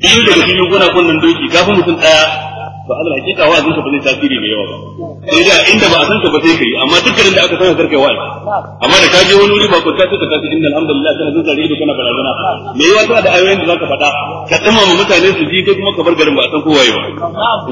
biyu daga cikin yankuna kunnan doki kafin mutum daya ba Allah kika wa azinka ba zai tasiri mai yawa ba sai da inda ba a san ka ba sai kai amma dukkanin da aka san ka kai amma da ka je wani wuri ba ku ta ce ka tafi inda alhamdulillah kana zan zare da kana barazana me yawa ta da ayoyin da zaka faɗa ka tsama ma mutane su ji ko kuma ka bar garin ba a san kowa ba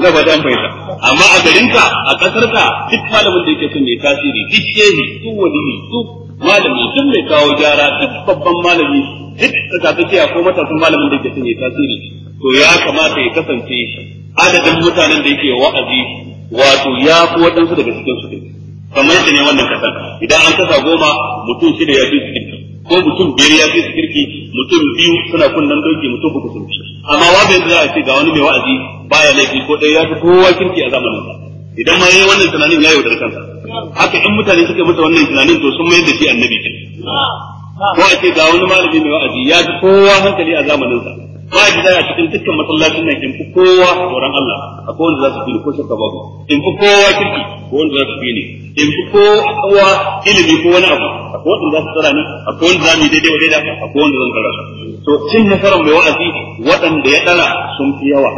ina ba dan fahimta amma a garin ka a kasar ka duk malamin da yake son mai tasiri duk shehi duk wali duk malami duk mai kawo gyara duk babban malami duk tsakatsakiya ko matasan malamin da ke son ya tasiri to ya kamata ya kasance adadin mutanen da yake wa'azi wato ya fi waɗansu daga cikin su kamar shi ne wannan kasar idan an kasa goma mutum shida ya fi su kirki, ko mutum biyar ya fi su kirki mutum biyu suna kunnen doki mutum uku sun fi amma wa bai za a ce ga wani mai wa'azi baya laifi ko ɗaya ya fi kowa kirki a zamanin sa idan ma yayi wannan tunanin ya yaudar kansa haka in mutane suka masa wannan tunanin to sun mayar da shi annabi ko a ce ga wani malami mai wa'azi ya ji kowa hankali a zamanin sa ba ji da cikin dukkan masallacin nan in fi kowa tsoron Allah akwai wanda za su fili ko shakka babu in fi kowa kirki ko wanda za su ne in fi kowa ilimi ko wani abu akwai wanda za su tsara ni akwai wanda za mu daidai wa daidai akwai wanda zan tsara to cin nasarar mai wa'azi waɗanda ya tsara sun fi yawa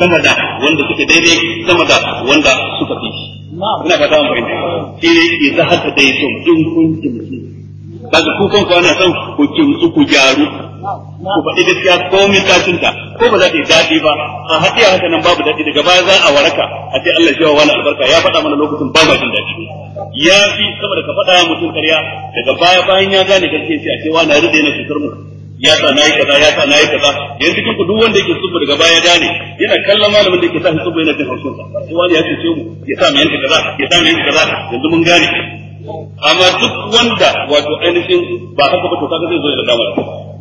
sama da wanda suka daidai sama da wanda suka fi ina fata mun fahimta shi ne idza hatta dai sun in kun kaga ku kanku ana son ku kimtsu ku gyaru ku faɗi gaskiya ko misalcin ta ko ba za ta yi daɗi ba a haɗiya haka nan babu daɗi daga baya za a waraka a ce Allah shi wa wani albarka ya faɗa mana lokacin ba ma jin daɗi ya fi saboda ka faɗa mutum ƙarya daga baya bayan ya gane gaskiya sai a ce wani rida na cutar mu ya sa nayi kaza ya sa nayi kaza yanzu cikin ku duk wanda yake tsubu daga baya gane yana kallon malamin da yake sa tsubu yana jin hausun sa sai wani ya ce mu ya sa mu yanka kaza ya sa mu yanka kaza yanzu mun gane amma duk wanda wato ainihin ba haka ba to kaga zai zo da damar